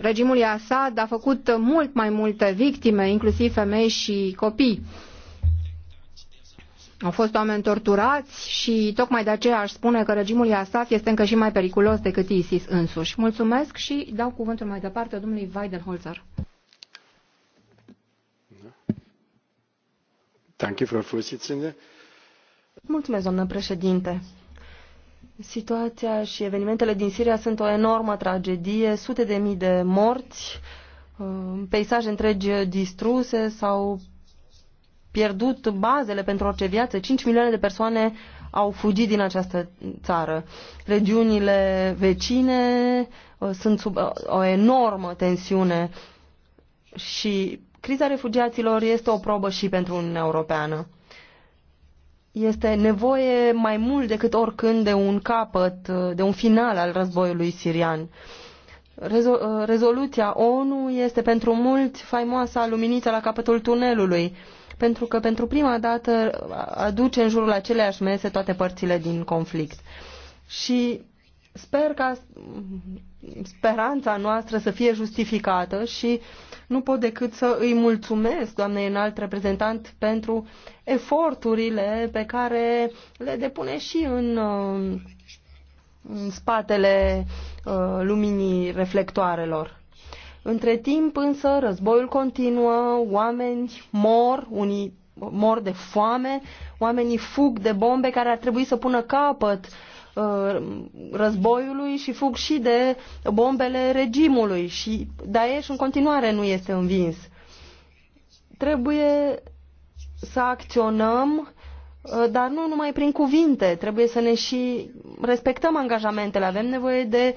regimul Assad a făcut mult mai multe victime, inclusiv femei și copii. Au fost oameni torturați și tocmai de aceea aș spune că regimul lui Assad este încă și mai periculos decât ISIS însuși. Mulțumesc și dau cuvântul mai departe domnului Weidenholzer. Mulțumesc, doamnă președinte. Situația și evenimentele din Siria sunt o enormă tragedie, sute de mii de morți, uh, peisaje întregi distruse sau pierdut bazele pentru orice viață. 5 milioane de persoane au fugit din această țară. Regiunile vecine uh, sunt sub uh, o enormă tensiune și criza refugiaților este o probă și pentru Uniunea Europeană. Este nevoie mai mult decât oricând de un capăt, de un final al războiului sirian. Rezo uh, rezoluția ONU este pentru mulți faimoasa luminiță la capătul tunelului, pentru că pentru prima dată aduce în jurul aceleași mese toate părțile din conflict. Și Sper ca speranța noastră să fie justificată și nu pot decât să îi mulțumesc, doamnei înalt reprezentant, pentru eforturile pe care le depune și în, în spatele uh, luminii reflectoarelor. Între timp însă războiul continuă, oameni mor, unii mor de foame, oamenii fug de bombe care ar trebui să pună capăt uh, Uh, războiului și fug și de bombele regimului și Daesh în continuare nu este învins. Trebuie să acționăm, uh, dar nu numai prin cuvinte, trebuie să ne și respectăm angajamentele. Avem nevoie de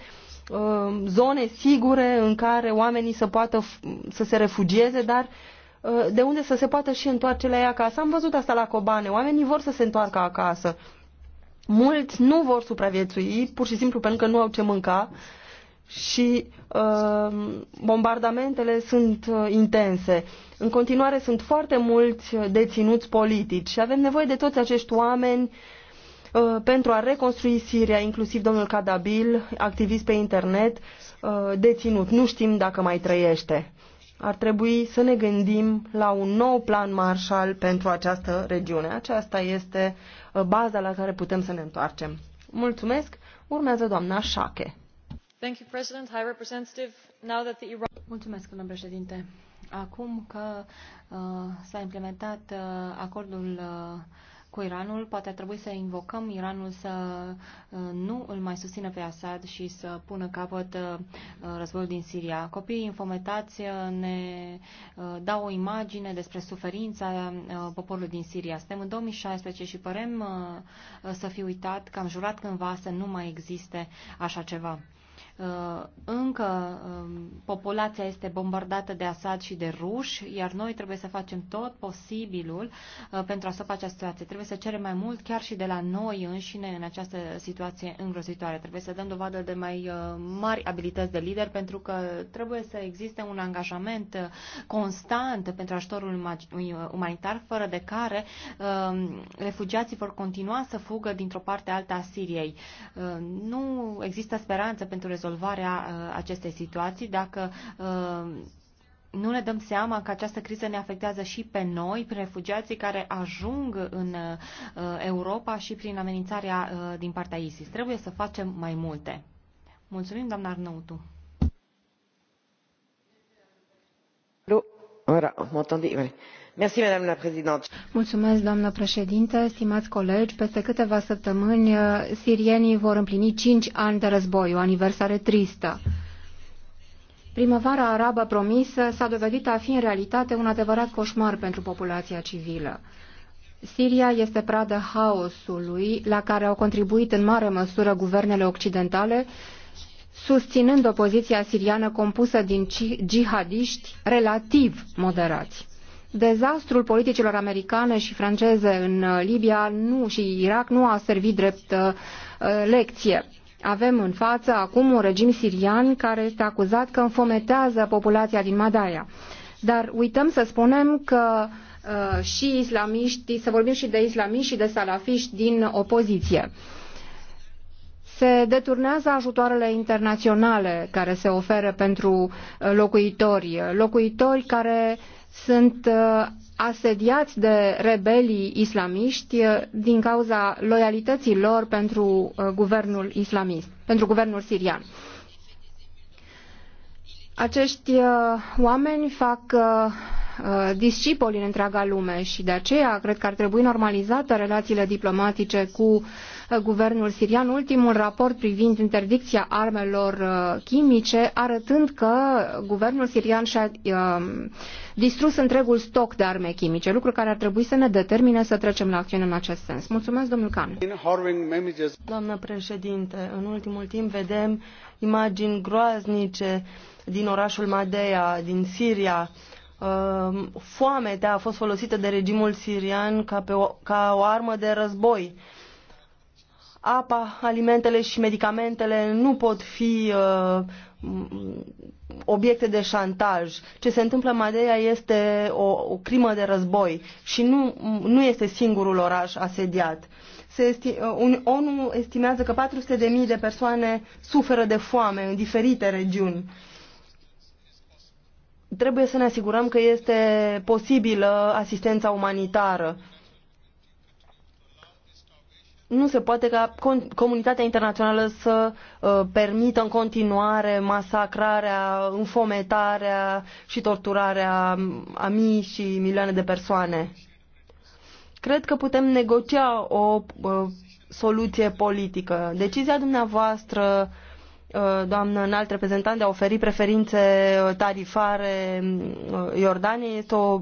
uh, zone sigure în care oamenii să poată să se refugieze, dar de unde să se poată și întoarce la ei acasă. Am văzut asta la Kobane. Oamenii vor să se întoarcă acasă. Mulți nu vor supraviețui, pur și simplu pentru că nu au ce mânca și uh, bombardamentele sunt uh, intense. În continuare sunt foarte mulți deținuți politici și avem nevoie de toți acești oameni uh, pentru a reconstrui Siria, inclusiv domnul Cadabil, activist pe internet, uh, deținut. Nu știm dacă mai trăiește ar trebui să ne gândim la un nou plan Marshall pentru această regiune. Aceasta este uh, baza la care putem să ne întoarcem. Mulțumesc. Urmează doamna Șache. Mulțumesc, domnule președinte. Acum că uh, s-a implementat uh, acordul uh, cu Iranul, poate ar trebui să invocăm Iranul să uh, nu îl mai susțină pe Assad și să pună capăt uh, războiul din Siria. Copiii infometați uh, ne dau o imagine despre suferința poporului din Siria. Suntem în 2016 și părem să fi uitat că am jurat cândva să nu mai existe așa ceva. Uh, încă um, populația este bombardată de Assad și de ruși, iar noi trebuie să facem tot posibilul uh, pentru a stopa această situație. Trebuie să cerem mai mult chiar și de la noi înșine în această situație îngrozitoare. Trebuie să dăm dovadă de mai uh, mari abilități de lider pentru că trebuie să existe un angajament constant pentru ajutorul umanitar, fără de care um, refugiații vor continua să fugă dintr-o parte alta a Siriei. Nu există speranță pentru rezolvarea rezolvarea uh, acestei situații, dacă uh, nu ne dăm seama că această criză ne afectează și pe noi, prin refugiații care ajung în uh, Europa și prin amenințarea din partea ISIS. Trebuie să facem mai multe. Mulțumim, doamna Arnautu. Ora, mă Mulțumesc, doamnă președinte, stimați colegi. Peste câteva săptămâni, uh, sirienii vor împlini cinci ani de război, o aniversare tristă. Primăvara arabă promisă s-a dovedit a fi în realitate un adevărat coșmar pentru populația civilă. Siria este pradă haosului la care au contribuit în mare măsură guvernele occidentale, susținând opoziția siriană compusă din jihadiști relativ moderați. Dezastrul politicilor americane și franceze în uh, Libia nu, și Irak nu a servit drept uh, uh, lecție. Avem în față acum un regim sirian care este acuzat că înfometează populația din Madaia. Dar uităm să spunem că uh, și islamiști, să vorbim și de islamiști și de salafiști din opoziție. Se deturnează ajutoarele internaționale care se oferă pentru locuitori, locuitori care uh, sunt uh, asediați de rebelii islamiști uh, din cauza loialității lor pentru uh, guvernul islamist, pentru guvernul sirian. Acești oameni fac discipoli în întreaga lume și de aceea cred că ar trebui normalizate relațiile diplomatice cu Uh, guvernul sirian ultimul raport privind interdicția armelor uh, chimice, arătând că guvernul sirian și-a um, distrus întregul stoc de arme chimice, lucru care ar trebui să ne determine să trecem la acțiune în acest sens. Mulțumesc, domnul Can. Doamnă președinte, în ultimul timp vedem imagini groaznice din orașul Madeia, din Siria, um, foamea a fost folosită de regimul sirian ca, pe o, ca o armă de război apa, alimentele și medicamentele nu pot fi uh, obiecte de șantaj. Ce se întâmplă în Madeira este o, o crimă de război și nu, nu este singurul oraș asediat. Se esti, uh, un, ONU estimează că 400.000 de persoane suferă de foame în diferite regiuni. Trebuie să ne asigurăm că este posibilă asistența umanitară nu se poate ca comunitatea internațională să uh, permită în continuare masacrarea, înfometarea și torturarea a mii și milioane de persoane. Cred că putem negocia o uh, soluție politică. Decizia dumneavoastră, uh, doamnă înalt reprezentant, de a oferi preferințe tarifare Iordaniei este o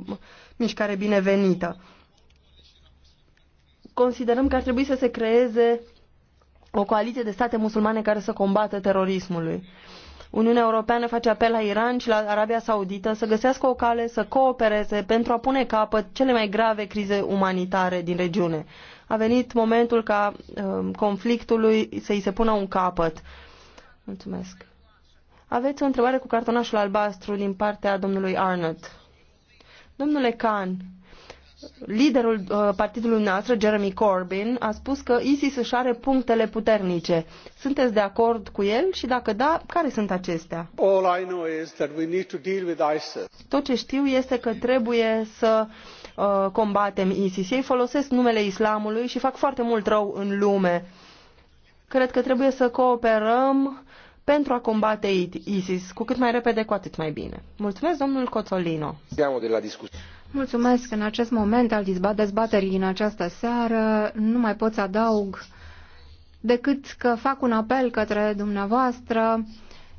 mișcare binevenită considerăm că ar trebui să se creeze o coaliție de state musulmane care să combată terorismului. Uniunea Europeană face apel la Iran și la Arabia Saudită să găsească o cale să coopereze pentru a pune capăt cele mai grave crize umanitare din regiune. A venit momentul ca um, conflictului să-i se pună un capăt. Mulțumesc. Aveți o întrebare cu cartonașul albastru din partea domnului Arnott. Domnule Khan, liderul uh, partidului noastră, Jeremy Corbyn, a spus că ISIS își are punctele puternice. Sunteți de acord cu el și dacă da, care sunt acestea? Tot ce știu este că trebuie să uh, combatem ISIS. Ei folosesc numele islamului și fac foarte mult rău în lume. Cred că trebuie să cooperăm pentru a combate ISIS. Cu cât mai repede, cu atât mai bine. Mulțumesc, domnul Coțolino. de la discuție. Mulțumesc. În acest moment al dezbaterii din această seară nu mai pot să adaug decât că fac un apel către dumneavoastră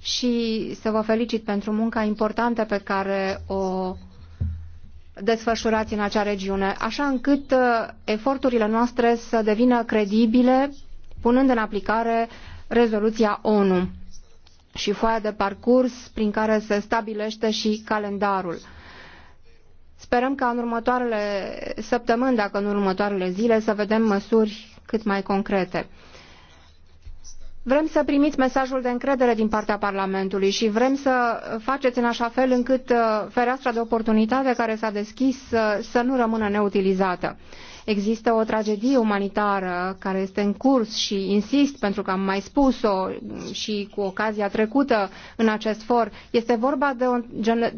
și să vă felicit pentru munca importantă pe care o desfășurați în acea regiune, așa încât uh, eforturile noastre să devină credibile, punând în aplicare rezoluția ONU și foaia de parcurs prin care se stabilește și calendarul. Sperăm ca în următoarele săptămâni, dacă în următoarele zile, să vedem măsuri cât mai concrete. Vrem să primiți mesajul de încredere din partea Parlamentului și vrem să faceți în așa fel încât uh, fereastra de oportunitate care s-a deschis să, uh, să nu rămână neutilizată. Există o tragedie umanitară care este în curs și insist pentru că am mai spus-o și cu ocazia trecută în acest for. Este vorba de o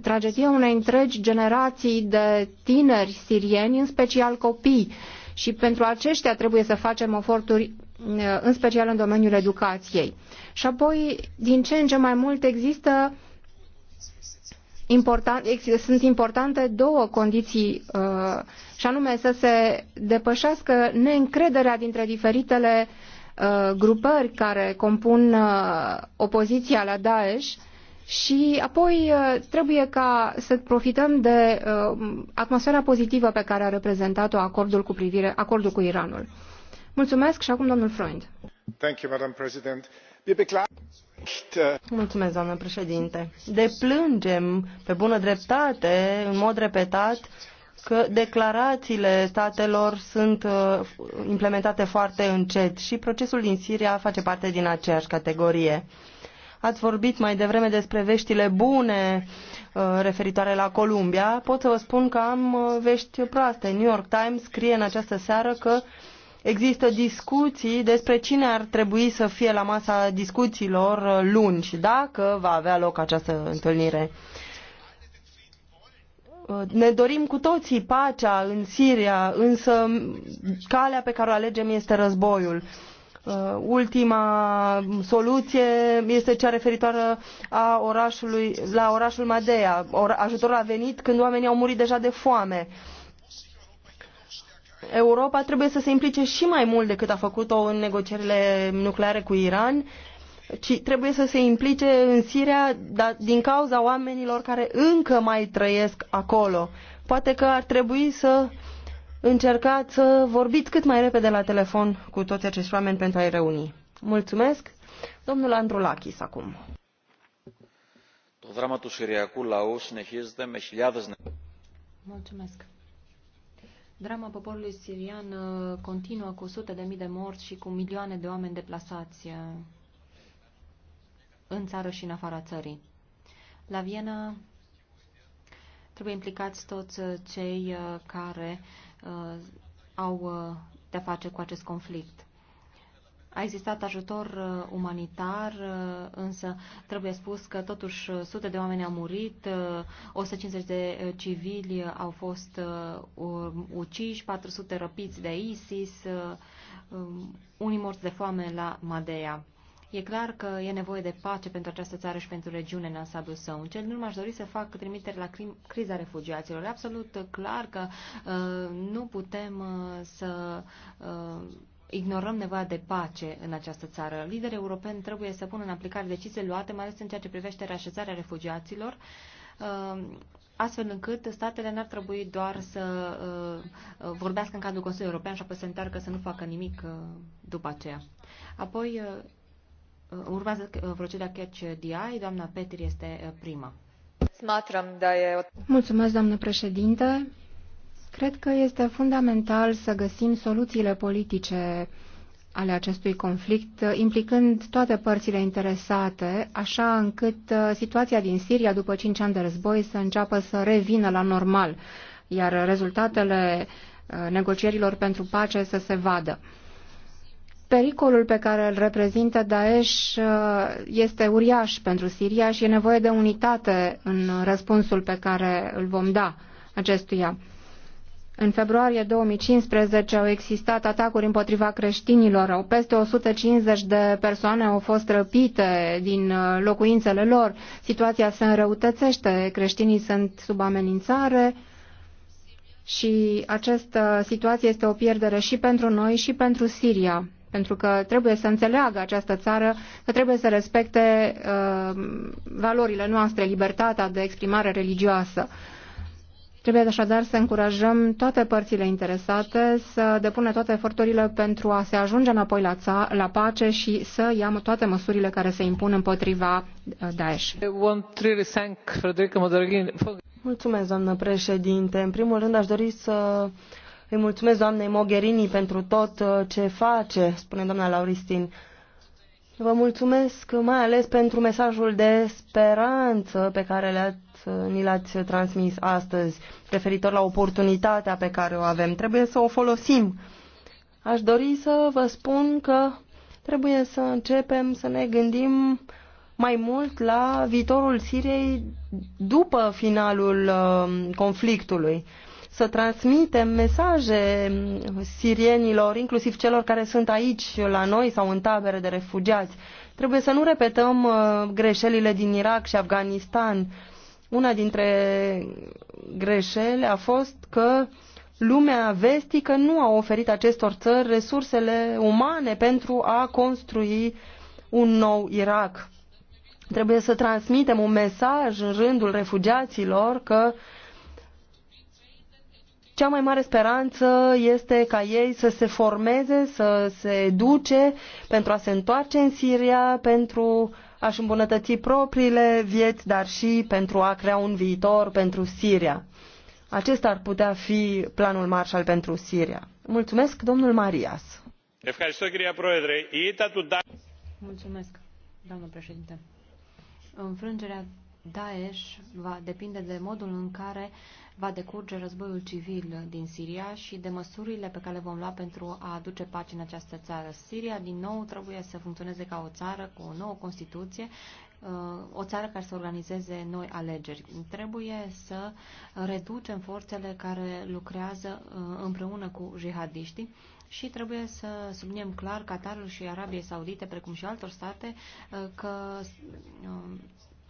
tragedie unei întregi generații de tineri sirieni, în special copii. Și pentru aceștia trebuie să facem eforturi uh, în special în domeniul educației. Și apoi, din ce în ce mai mult există important, sunt importante două condiții, uh, și anume să se depășească neîncrederea dintre diferitele uh, grupări care compun uh, opoziția la Daesh și apoi trebuie ca să profităm de atmosfera pozitivă pe care a reprezentat-o acordul cu privire acordul cu Iranul. Mulțumesc și acum domnul Freund. Thank you, Madam President. Äh, Mulțumesc, doamnă președinte. Deplângem pe bună dreptate, în mod repetat, că declarațiile statelor sunt uh, implementate foarte încet și procesul din Siria face parte din aceeași categorie. Ați vorbit mai devreme despre veștile bune uh, referitoare la Columbia. Pot să vă spun că am uh, vești proaste. New York Times scrie în această seară că Există discuții despre cine ar trebui să fie la masa discuțiilor uh, luni și dacă va avea loc această întâlnire. Uh, ne dorim cu toții pacea în Siria, însă calea pe care o alegem este războiul uh, ultima soluție este cea referitoare a orașului, la orașul Madea. Ajutorul a venit când oamenii au murit deja de foame. Europa trebuie să se implice și mai mult decât a făcut-o în negocierile nucleare cu Iran, ci trebuie să se implice în Siria dar din cauza oamenilor care încă mai trăiesc acolo. Poate că ar trebui să încercați să vorbiți cât mai repede la telefon cu toți acești oameni pentru a-i reuni. Mulțumesc. Domnul Lachis acum. Το δράμα του Συριακού λαού συνεχίζεται με χιλιάδες νεκρούς. Mulțumesc. Drama poporului sirian uh, continuă cu sute de mii de morți și cu milioane de oameni deplasați uh, în țară și în afara țării. La Viena trebuie implicați toți uh, cei care au de-a face cu acest conflict. A existat ajutor uh, umanitar, uh, însă trebuie spus că totuși uh, sute de oameni au murit, 150 de civili au fost uciși, 400 răpiți de ISIS, um, unii morți de foame la Madeia. E clar că e nevoie de pace pentru această țară și pentru regiune în ansamblu său. În cel nu m aș dori să fac trimitere la crim, criza refugiaților. E absolut clar că uh, nu putem uh, să uh, ignorăm nevoia de pace în această țară. Liderii europeni trebuie să pună în aplicare deciziile luate, mai ales în ceea ce privește reașezarea refugiaților, uh, astfel încât statele n-ar trebui doar să uh, vorbească în cadrul Consiliului European și apoi să întoarcă să nu facă nimic uh, după aceea. Apoi urmează procedura Catch DI, doamna Petri este prima. Da Mulțumesc, doamnă președinte. Cred că este fundamental să găsim soluțiile politice ale acestui conflict, implicând toate părțile interesate, așa încât uh, situația din Siria după 5 ani de război să înceapă să revină la normal, iar rezultatele uh, negocierilor pentru pace să se vadă. Pericolul pe care îl reprezintă Daesh uh, este uriaș pentru Siria și e nevoie de unitate în răspunsul pe care îl vom da acestuia. În februarie 2015 au existat atacuri împotriva creștinilor. O peste 150 de persoane au fost răpite din uh, locuințele lor. Situația se înrăutățește, creștinii sunt sub amenințare și această situație este o pierdere și pentru noi și pentru Siria pentru că trebuie să înțeleagă această țară că trebuie să respecte uh, valorile noastre, libertatea de exprimare religioasă. Uh, Trebuie așadar să încurajăm toate părțile interesate să depună toate eforturile pentru a se ajunge înapoi la, ța, la pace și să ia toate măsurile care se impun împotriva uh, Daesh. Mulțumesc, doamnă președinte. În primul rând aș dori să îi mulțumesc doamnei Mogherini pentru tot uh, ce face, spune doamna Lauristin. Vă mulțumesc mai ales pentru mesajul de speranță pe care le-ați, ni l-ați transmis astăzi, referitor la oportunitatea pe care o avem. Trebuie să o folosim. Aș dori să vă spun că trebuie să începem să ne gândim mai mult la viitorul Siriei după finalul um, conflictului să transmitem mesaje sirienilor, inclusiv celor care sunt aici la noi sau în tabere de refugiați. Trebuie să nu repetăm uh, greșelile din Irak și Afganistan. Una dintre greșeli a fost că lumea vestică nu a oferit acestor țări resursele umane pentru a construi un nou Irak. Trebuie să transmitem un mesaj în rândul refugiaților că uh, cea mai mare speranță este ca ei să se formeze, să se educe pentru a se întoarce în Siria, pentru a-și îmbunătăți propriile vieți, dar și pentru a crea un viitor pentru Siria. Acesta ar putea fi planul Marshall pentru Siria. Mulțumesc, domnul Marias. Mulțumesc, doamnă președinte. Înfrângerea Daesh va depinde de modul în care va decurge războiul civil din Siria și de măsurile pe care le vom lua pentru a aduce pace în această țară. Siria, din nou, trebuie să funcționeze ca o țară cu o nouă Constituție, uh, o țară care să organizeze noi alegeri. Trebuie să reducem forțele care lucrează uh, împreună cu jihadiștii și trebuie să subliniem clar Qatarul și Arabiei Saudite, precum și altor state, uh, că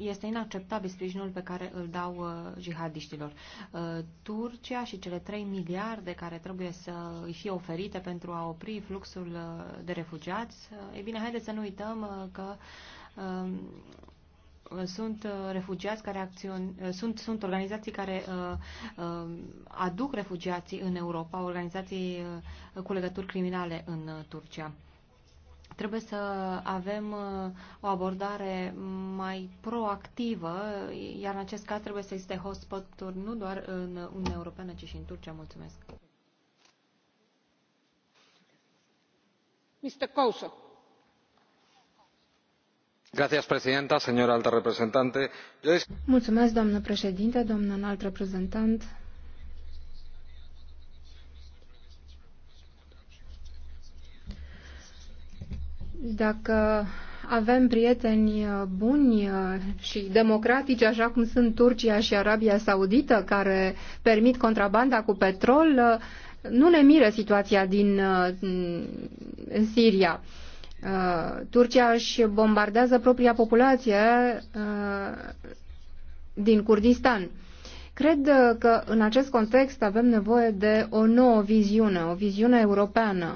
este inacceptabil sprijinul pe care îl dau uh, jihadiștilor. Uh, Turcia și cele 3 miliarde care trebuie să îi fie oferite pentru a opri fluxul uh, de refugiați, uh, e bine, haideți să nu uităm uh, că um, uh, sunt refugiați care acțion, uh, sunt, sunt organizații care uh, uh, aduc refugiații în Europa, organizații uh, cu legături criminale în uh, Turcia. Trebuie să avem uh, o abordare mai proactivă, iar în acest caz trebuie să existe hotspot-uri nu doar în Uniunea Europeană, ci și în Turcia. Mulțumesc. Gracias, presidenta, señora alta representante. Mulțumesc, doamnă președinte, doamnă înalt reprezentant. Dacă avem prieteni uh, buni uh, și democratici, așa cum sunt Turcia și Arabia Saudită, care permit contrabanda cu petrol, uh, nu ne miră situația din Siria. Turcia își bombardează propria populație din Kurdistan. Cred uh, că în acest context avem nevoie de o nouă viziune, o viziune europeană.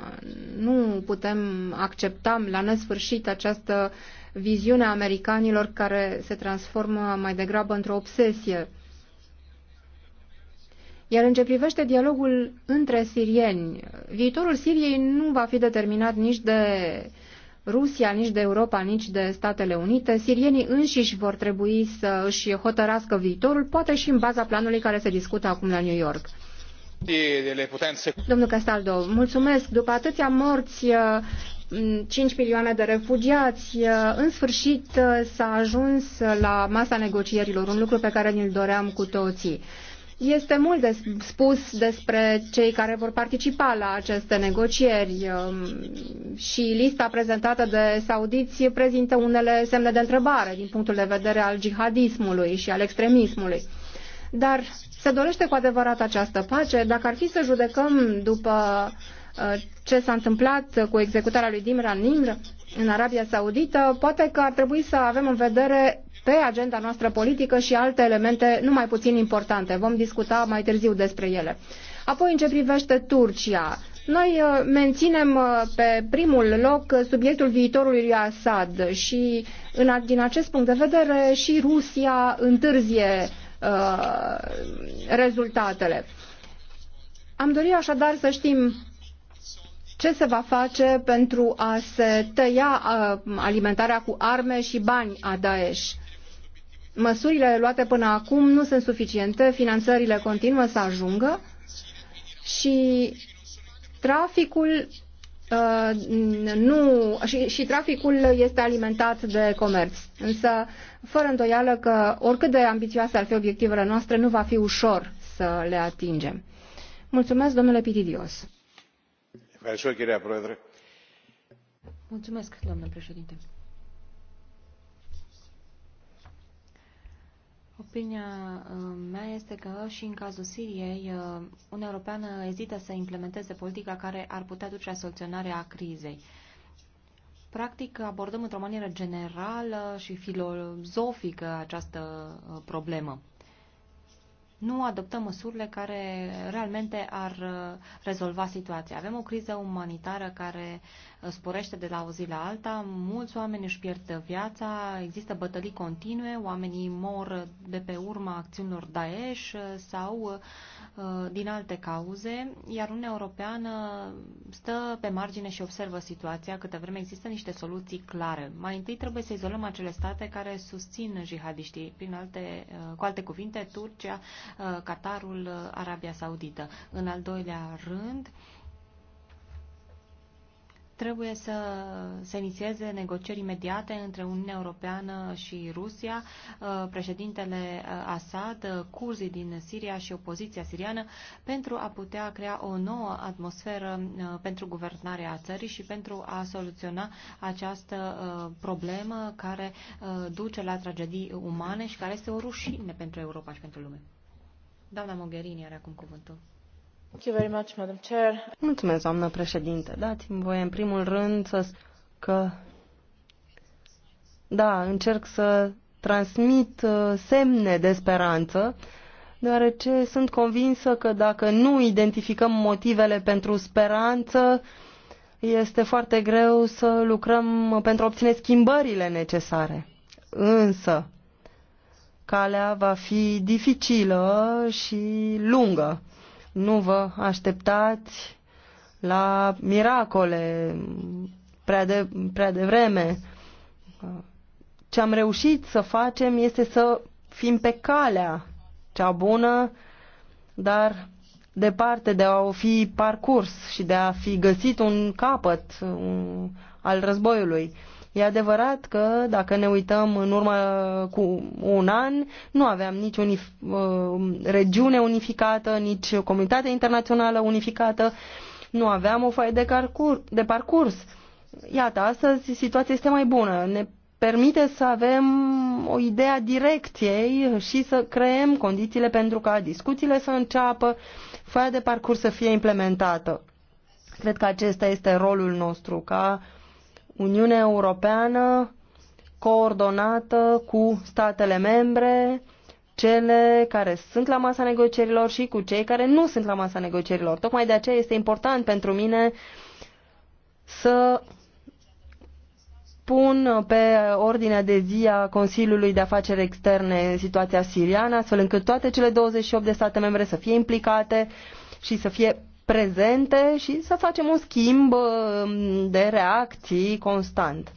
Nu putem accepta la nesfârșit această viziune a americanilor care se transformă mai degrabă într-o obsesie. Iar în ce privește dialogul între sirieni, viitorul Siriei nu va fi determinat nici de Rusia, nici de Europa, nici de Statele Unite, sirienii înșiși vor trebui să își hotărască viitorul, poate și în baza planului care se discută acum la New York. Domnul Castaldo, mulțumesc. După atâția morți, 5 uh, milioane de refugiați, uh, în sfârșit uh, s-a ajuns la masa negocierilor, un lucru pe care ni-l doream cu toții. Este mult de spus despre cei care vor participa la aceste negocieri um, și lista prezentată de saudiți prezintă unele semne de întrebare din punctul de vedere al jihadismului și al extremismului. Dar se dorește cu adevărat această pace? Dacă ar fi să judecăm după uh, ce s-a întâmplat cu executarea lui Dimran Nimr în Arabia Saudită, poate că ar trebui să avem în vedere pe agenda noastră politică și alte elemente nu mai puțin importante. Vom discuta mai târziu despre ele. Apoi, în ce privește Turcia, noi uh, menținem uh, pe primul loc subiectul viitorului lui Assad și în, din acest punct de vedere și Rusia întârzie uh, rezultatele. Am dorit așadar să știm ce se va face pentru a se tăia uh, alimentarea cu arme și bani a Daesh măsurile luate până acum nu sunt suficiente, finanțările continuă să ajungă și traficul uh, nu, și, și traficul este alimentat de comerț. Însă, fără îndoială că oricât de ambițioase ar fi obiectivele noastre, nu va fi ușor să le atingem. Mulțumesc, domnule Pitidios. Mulțumesc, domnule președinte. Opinia uh, mea este că și în cazul Siriei, uh, Uniunea Europeană ezită să implementeze politica care ar putea duce la soluționarea crizei. Practic, abordăm într-o manieră generală și filozofică această uh, problemă nu adoptăm măsurile care realmente ar uh, rezolva situația. Avem o criză umanitară care uh, sporește de la o zi la alta, mulți oameni își pierd viața, există bătălii continue, oamenii mor de pe urma acțiunilor Daesh uh, sau din alte cauze, iar Uniunea Europeană stă pe margine și observă situația câtă vreme există niște soluții clare. Mai întâi trebuie să izolăm acele state care susțin jihadiștii. Prin alte, cu alte cuvinte, Turcia, Uh, Qatarul, uh, Arabia Saudită. În al doilea rând, trebuie să se inițieze negocieri imediate între Uniunea Europeană și Rusia. Uh, președintele Assad, curzii din Siria și opoziția siriană pentru a putea crea o nouă atmosferă pentru guvernarea țării și pentru a soluționa această problemă care duce la tragedii umane și care este o rușine pentru Europa și pentru lume. Doamna Mogherini are acum cuvântul. Mulțumesc, doamnă președinte. Dați-mi voie în primul rând să că da, încerc să transmit uh, semne de speranță, deoarece sunt convinsă că dacă nu identificăm motivele pentru speranță, este foarte greu să lucrăm pentru a obține schimbările necesare. Însă, calea va fi dificilă și lungă. Nu vă așteptați la miracole prea, de, prea devreme. Ce am reușit să facem este să fim pe calea cea bună, dar departe de a o fi parcurs și de a fi găsit un capăt al războiului. E adevărat că dacă ne uităm în urmă cu un an, nu aveam nici unif uh, regiune unificată, nici comunitate internațională unificată, nu aveam o foaie de, carcur, de parcurs. Iată, astăzi situația este mai bună. Ne permite să avem o idee a direcției și să creăm condițiile pentru ca discuțiile să înceapă, foaia de parcurs să fie implementată. Cred că acesta este rolul nostru, ca Uniunea Europeană coordonată cu statele membre, cele care sunt la masa negocierilor și cu cei care nu sunt la masa negocierilor. Tocmai de aceea este important pentru mine să pun pe ordinea de zi a Consiliului de Afaceri Externe în situația siriană, astfel încât toate cele 28 de state membre să fie implicate și să fie prezente și să facem un schimb uh, de reacții constant.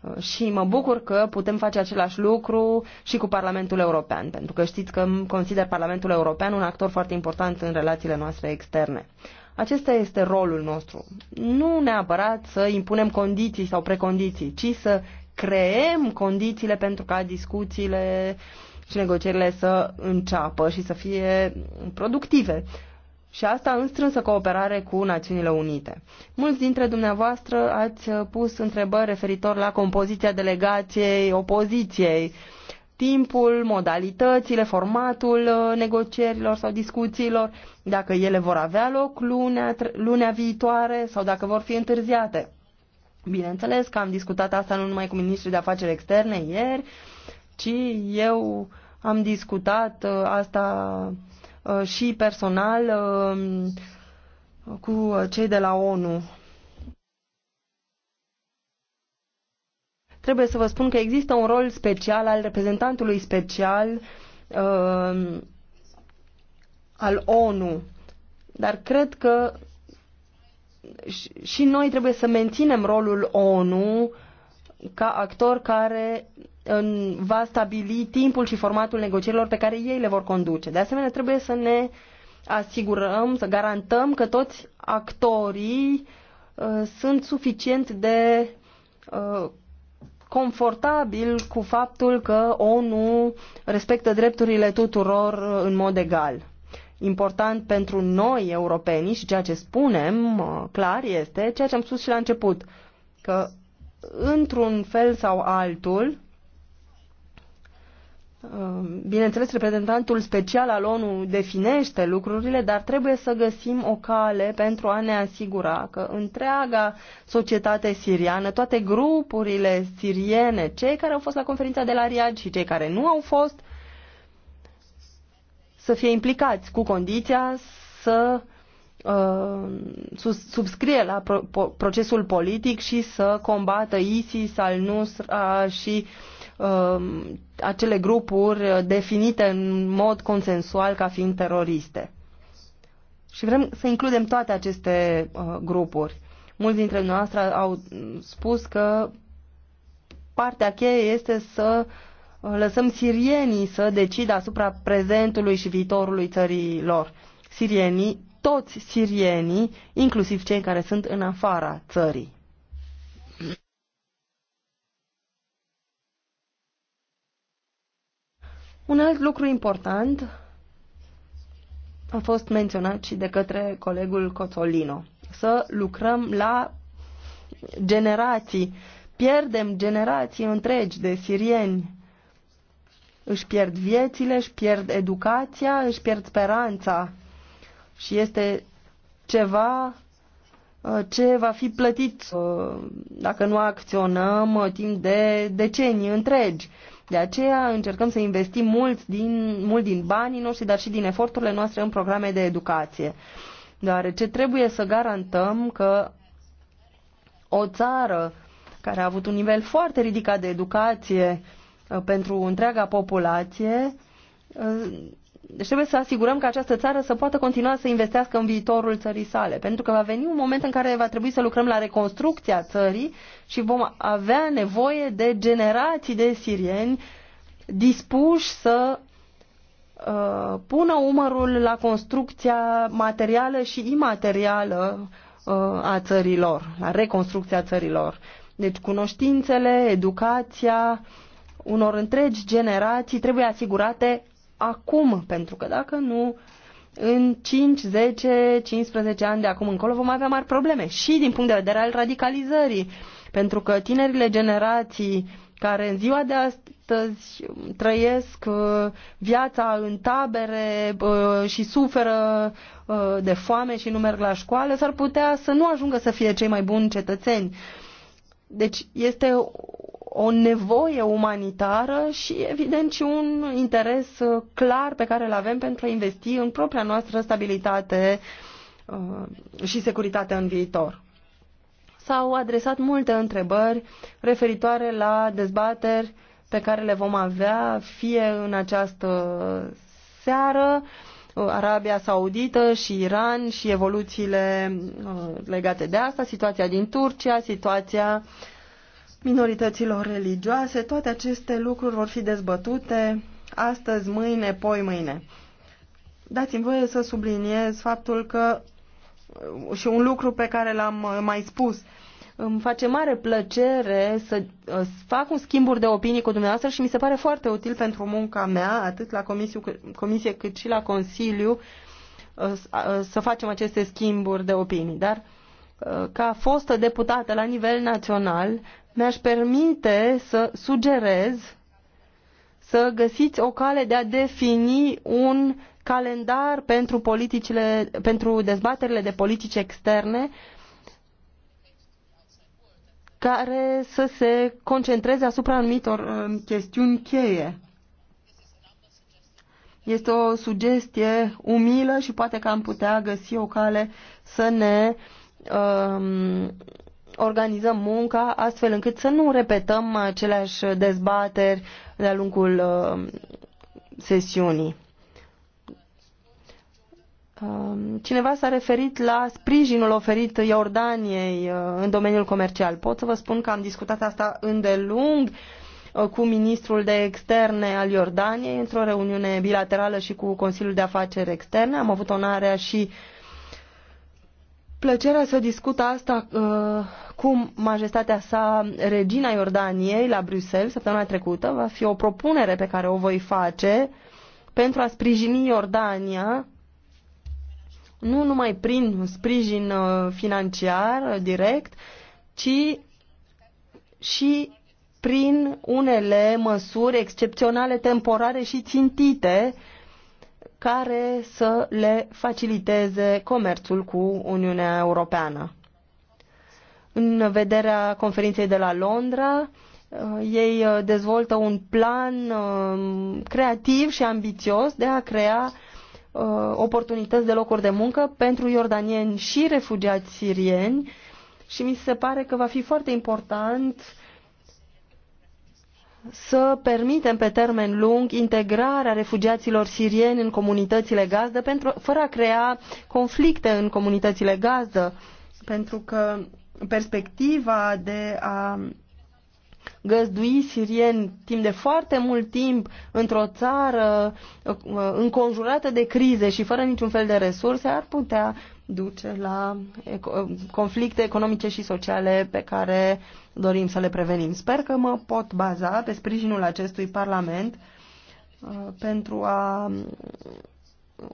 Uh, și mă bucur că putem face același lucru și cu Parlamentul European, pentru că știți că consider Parlamentul European un actor foarte important în relațiile noastre externe. Acesta este rolul nostru. Nu neapărat să impunem condiții sau precondiții, ci să creem condițiile pentru ca discuțiile și negocierile să înceapă și să fie productive. Și asta în strânsă cooperare cu Națiunile Unite. Mulți dintre dumneavoastră ați uh, pus întrebări referitor la compoziția delegației, opoziției, timpul, modalitățile, formatul uh, negocierilor sau discuțiilor, dacă ele vor avea loc lunea, lunea viitoare sau dacă vor fi întârziate. Bineînțeles că am discutat asta nu numai cu ministrii de afaceri externe ieri, ci eu am discutat uh, asta Uh, și personal uh, cu cei de la ONU. Trebuie să vă spun că există un rol special al reprezentantului special uh, al ONU, dar cred că și noi trebuie să menținem rolul ONU ca actor care va stabili timpul și formatul negocierilor pe care ei le vor conduce. De asemenea, trebuie să ne asigurăm, să garantăm că toți actorii uh, sunt suficient de uh, confortabil cu faptul că ONU respectă drepturile tuturor în mod egal. Important pentru noi, europeni și ceea ce spunem uh, clar este ceea ce am spus și la început, că într-un fel sau altul, Um, bineînțeles, reprezentantul special al ONU definește lucrurile, dar trebuie să găsim o cale pentru a ne asigura că întreaga societate siriană, toate grupurile siriene, cei care au fost la conferința de la Riyadh și cei care nu au fost, să fie implicați cu condiția să uh, subscrie la pro procesul politic și să combată ISIS, al-Nusra și uh, Um, acele grupuri definite în mod consensual ca fiind teroriste. Și vrem să includem toate aceste uh, grupuri. Mulți dintre noastre au spus că partea cheie este să uh, lăsăm sirienii să decidă asupra prezentului și viitorului țării lor. Sirienii, toți sirienii, inclusiv cei care sunt în afara țării. Un alt lucru important a fost menționat și de către colegul Cotolino. Să lucrăm la generații. Pierdem generații întregi de sirieni. Își pierd viețile, își pierd educația, își pierd speranța. Și este ceva uh, ce va fi plătit uh, dacă nu acționăm uh, timp de decenii întregi. De aceea încercăm să investim mult din, mult din banii noștri, dar și din eforturile noastre în programe de educație. Dar ce trebuie să garantăm că o țară care a avut un nivel foarte ridicat de educație uh, pentru întreaga populație uh, deci trebuie să asigurăm că această țară să poată continua să investească în viitorul țării sale, pentru că va veni un moment în care va trebui să lucrăm la reconstrucția țării și vom avea nevoie de generații de sirieni dispuși să uh, pună umărul la construcția materială și imaterială uh, a țărilor, la reconstrucția țărilor. Deci cunoștințele, educația unor întregi generații trebuie asigurate acum, pentru că dacă nu, în 5, 10, 15 ani de acum încolo vom avea mari probleme și din punct de vedere al radicalizării, pentru că tinerile generații care în ziua de astăzi trăiesc uh, viața în tabere uh, și suferă uh, de foame și nu merg la școală, s-ar putea să nu ajungă să fie cei mai buni cetățeni. Deci este o nevoie umanitară și, evident, și un interes uh, clar pe care îl avem pentru a investi în propria noastră stabilitate uh, și securitate în viitor. S-au adresat multe întrebări referitoare la dezbateri pe care le vom avea fie în această seară, uh, Arabia Saudită și Iran și evoluțiile legate de asta, situația din Turcia, situația uh, minorităților religioase, toate aceste lucruri vor fi dezbătute astăzi, mâine, poi mâine. Dați-mi voie să subliniez faptul că uh, și un lucru pe care l-am uh, mai spus, îmi face mare plăcere să uh, fac un schimburi de opinii cu dumneavoastră și mi se pare foarte util pentru munca mea, atât la comisiu, comisie cât și la Consiliu, să facem aceste schimburi de opinii. Dar ca fostă deputată la nivel național, mi-aș permite să sugerez să găsiți o cale de a defini un calendar pentru, politicile, pentru dezbaterile de politici externe care să se concentreze asupra anumitor um, chestiuni cheie. Este o sugestie umilă și poate că am putea găsi o cale să ne um, organizăm munca astfel încât să nu repetăm aceleași dezbateri de-a lungul uh, sesiunii. Uh, cineva s-a referit la sprijinul oferit Iordaniei uh, în domeniul comercial. Pot să vă spun că am discutat asta îndelung cu ministrul de externe al Iordaniei într-o reuniune bilaterală și cu Consiliul de Afaceri Externe. Am avut onarea și uh, plăcerea să discut asta uh, cu majestatea sa, regina Iordaniei, la Bruxelles, săptămâna trecută. Va fi o propunere pe care o voi face pentru a sprijini Iordania, nu numai prin sprijin uh, financiar uh, direct, ci și prin unele măsuri excepționale, temporare și țintite uh, care să le faciliteze comerțul cu Uniunea Europeană. În vederea conferinței de la Londra, uh, ei uh, dezvoltă un plan um, creativ și ambițios de a crea uh, oportunități de locuri de muncă pentru iordanieni și refugiați sirieni și mi se pare că va fi foarte important să permitem pe termen lung integrarea refugiaților sirieni în comunitățile gazdă pentru, fără a crea conflicte în comunitățile gazdă, pentru că perspectiva de a găzdui sirieni timp de foarte mult timp într-o țară uh, înconjurată de crize și fără niciun fel de resurse ar putea duce la conflicte economice și sociale pe care dorim să le prevenim. Sper că mă pot baza pe sprijinul acestui Parlament uh, pentru a mm,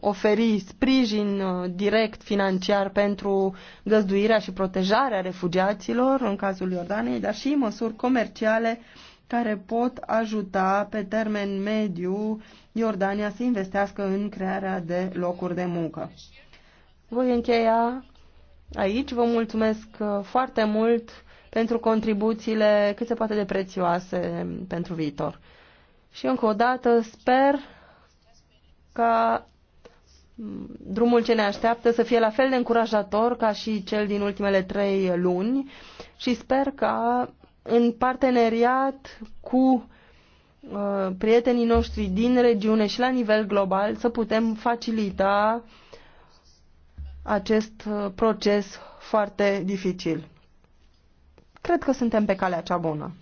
oferi sprijin uh, direct financiar pentru găzduirea și protejarea refugiaților în cazul Iordaniei, dar și măsuri comerciale care pot ajuta pe termen mediu Iordania să investească în crearea de locuri de muncă. Voi încheia aici. Vă mulțumesc uh, foarte mult pentru contribuțiile cât se poate de prețioase pentru viitor. Și încă o dată sper ca mm, drumul ce ne așteaptă să fie la fel de încurajator ca și cel din ultimele trei luni și sper ca în parteneriat cu uh, prietenii noștri din regiune și la nivel global să putem facilita acest uh, proces foarte dificil. Cred că suntem pe calea cea bună.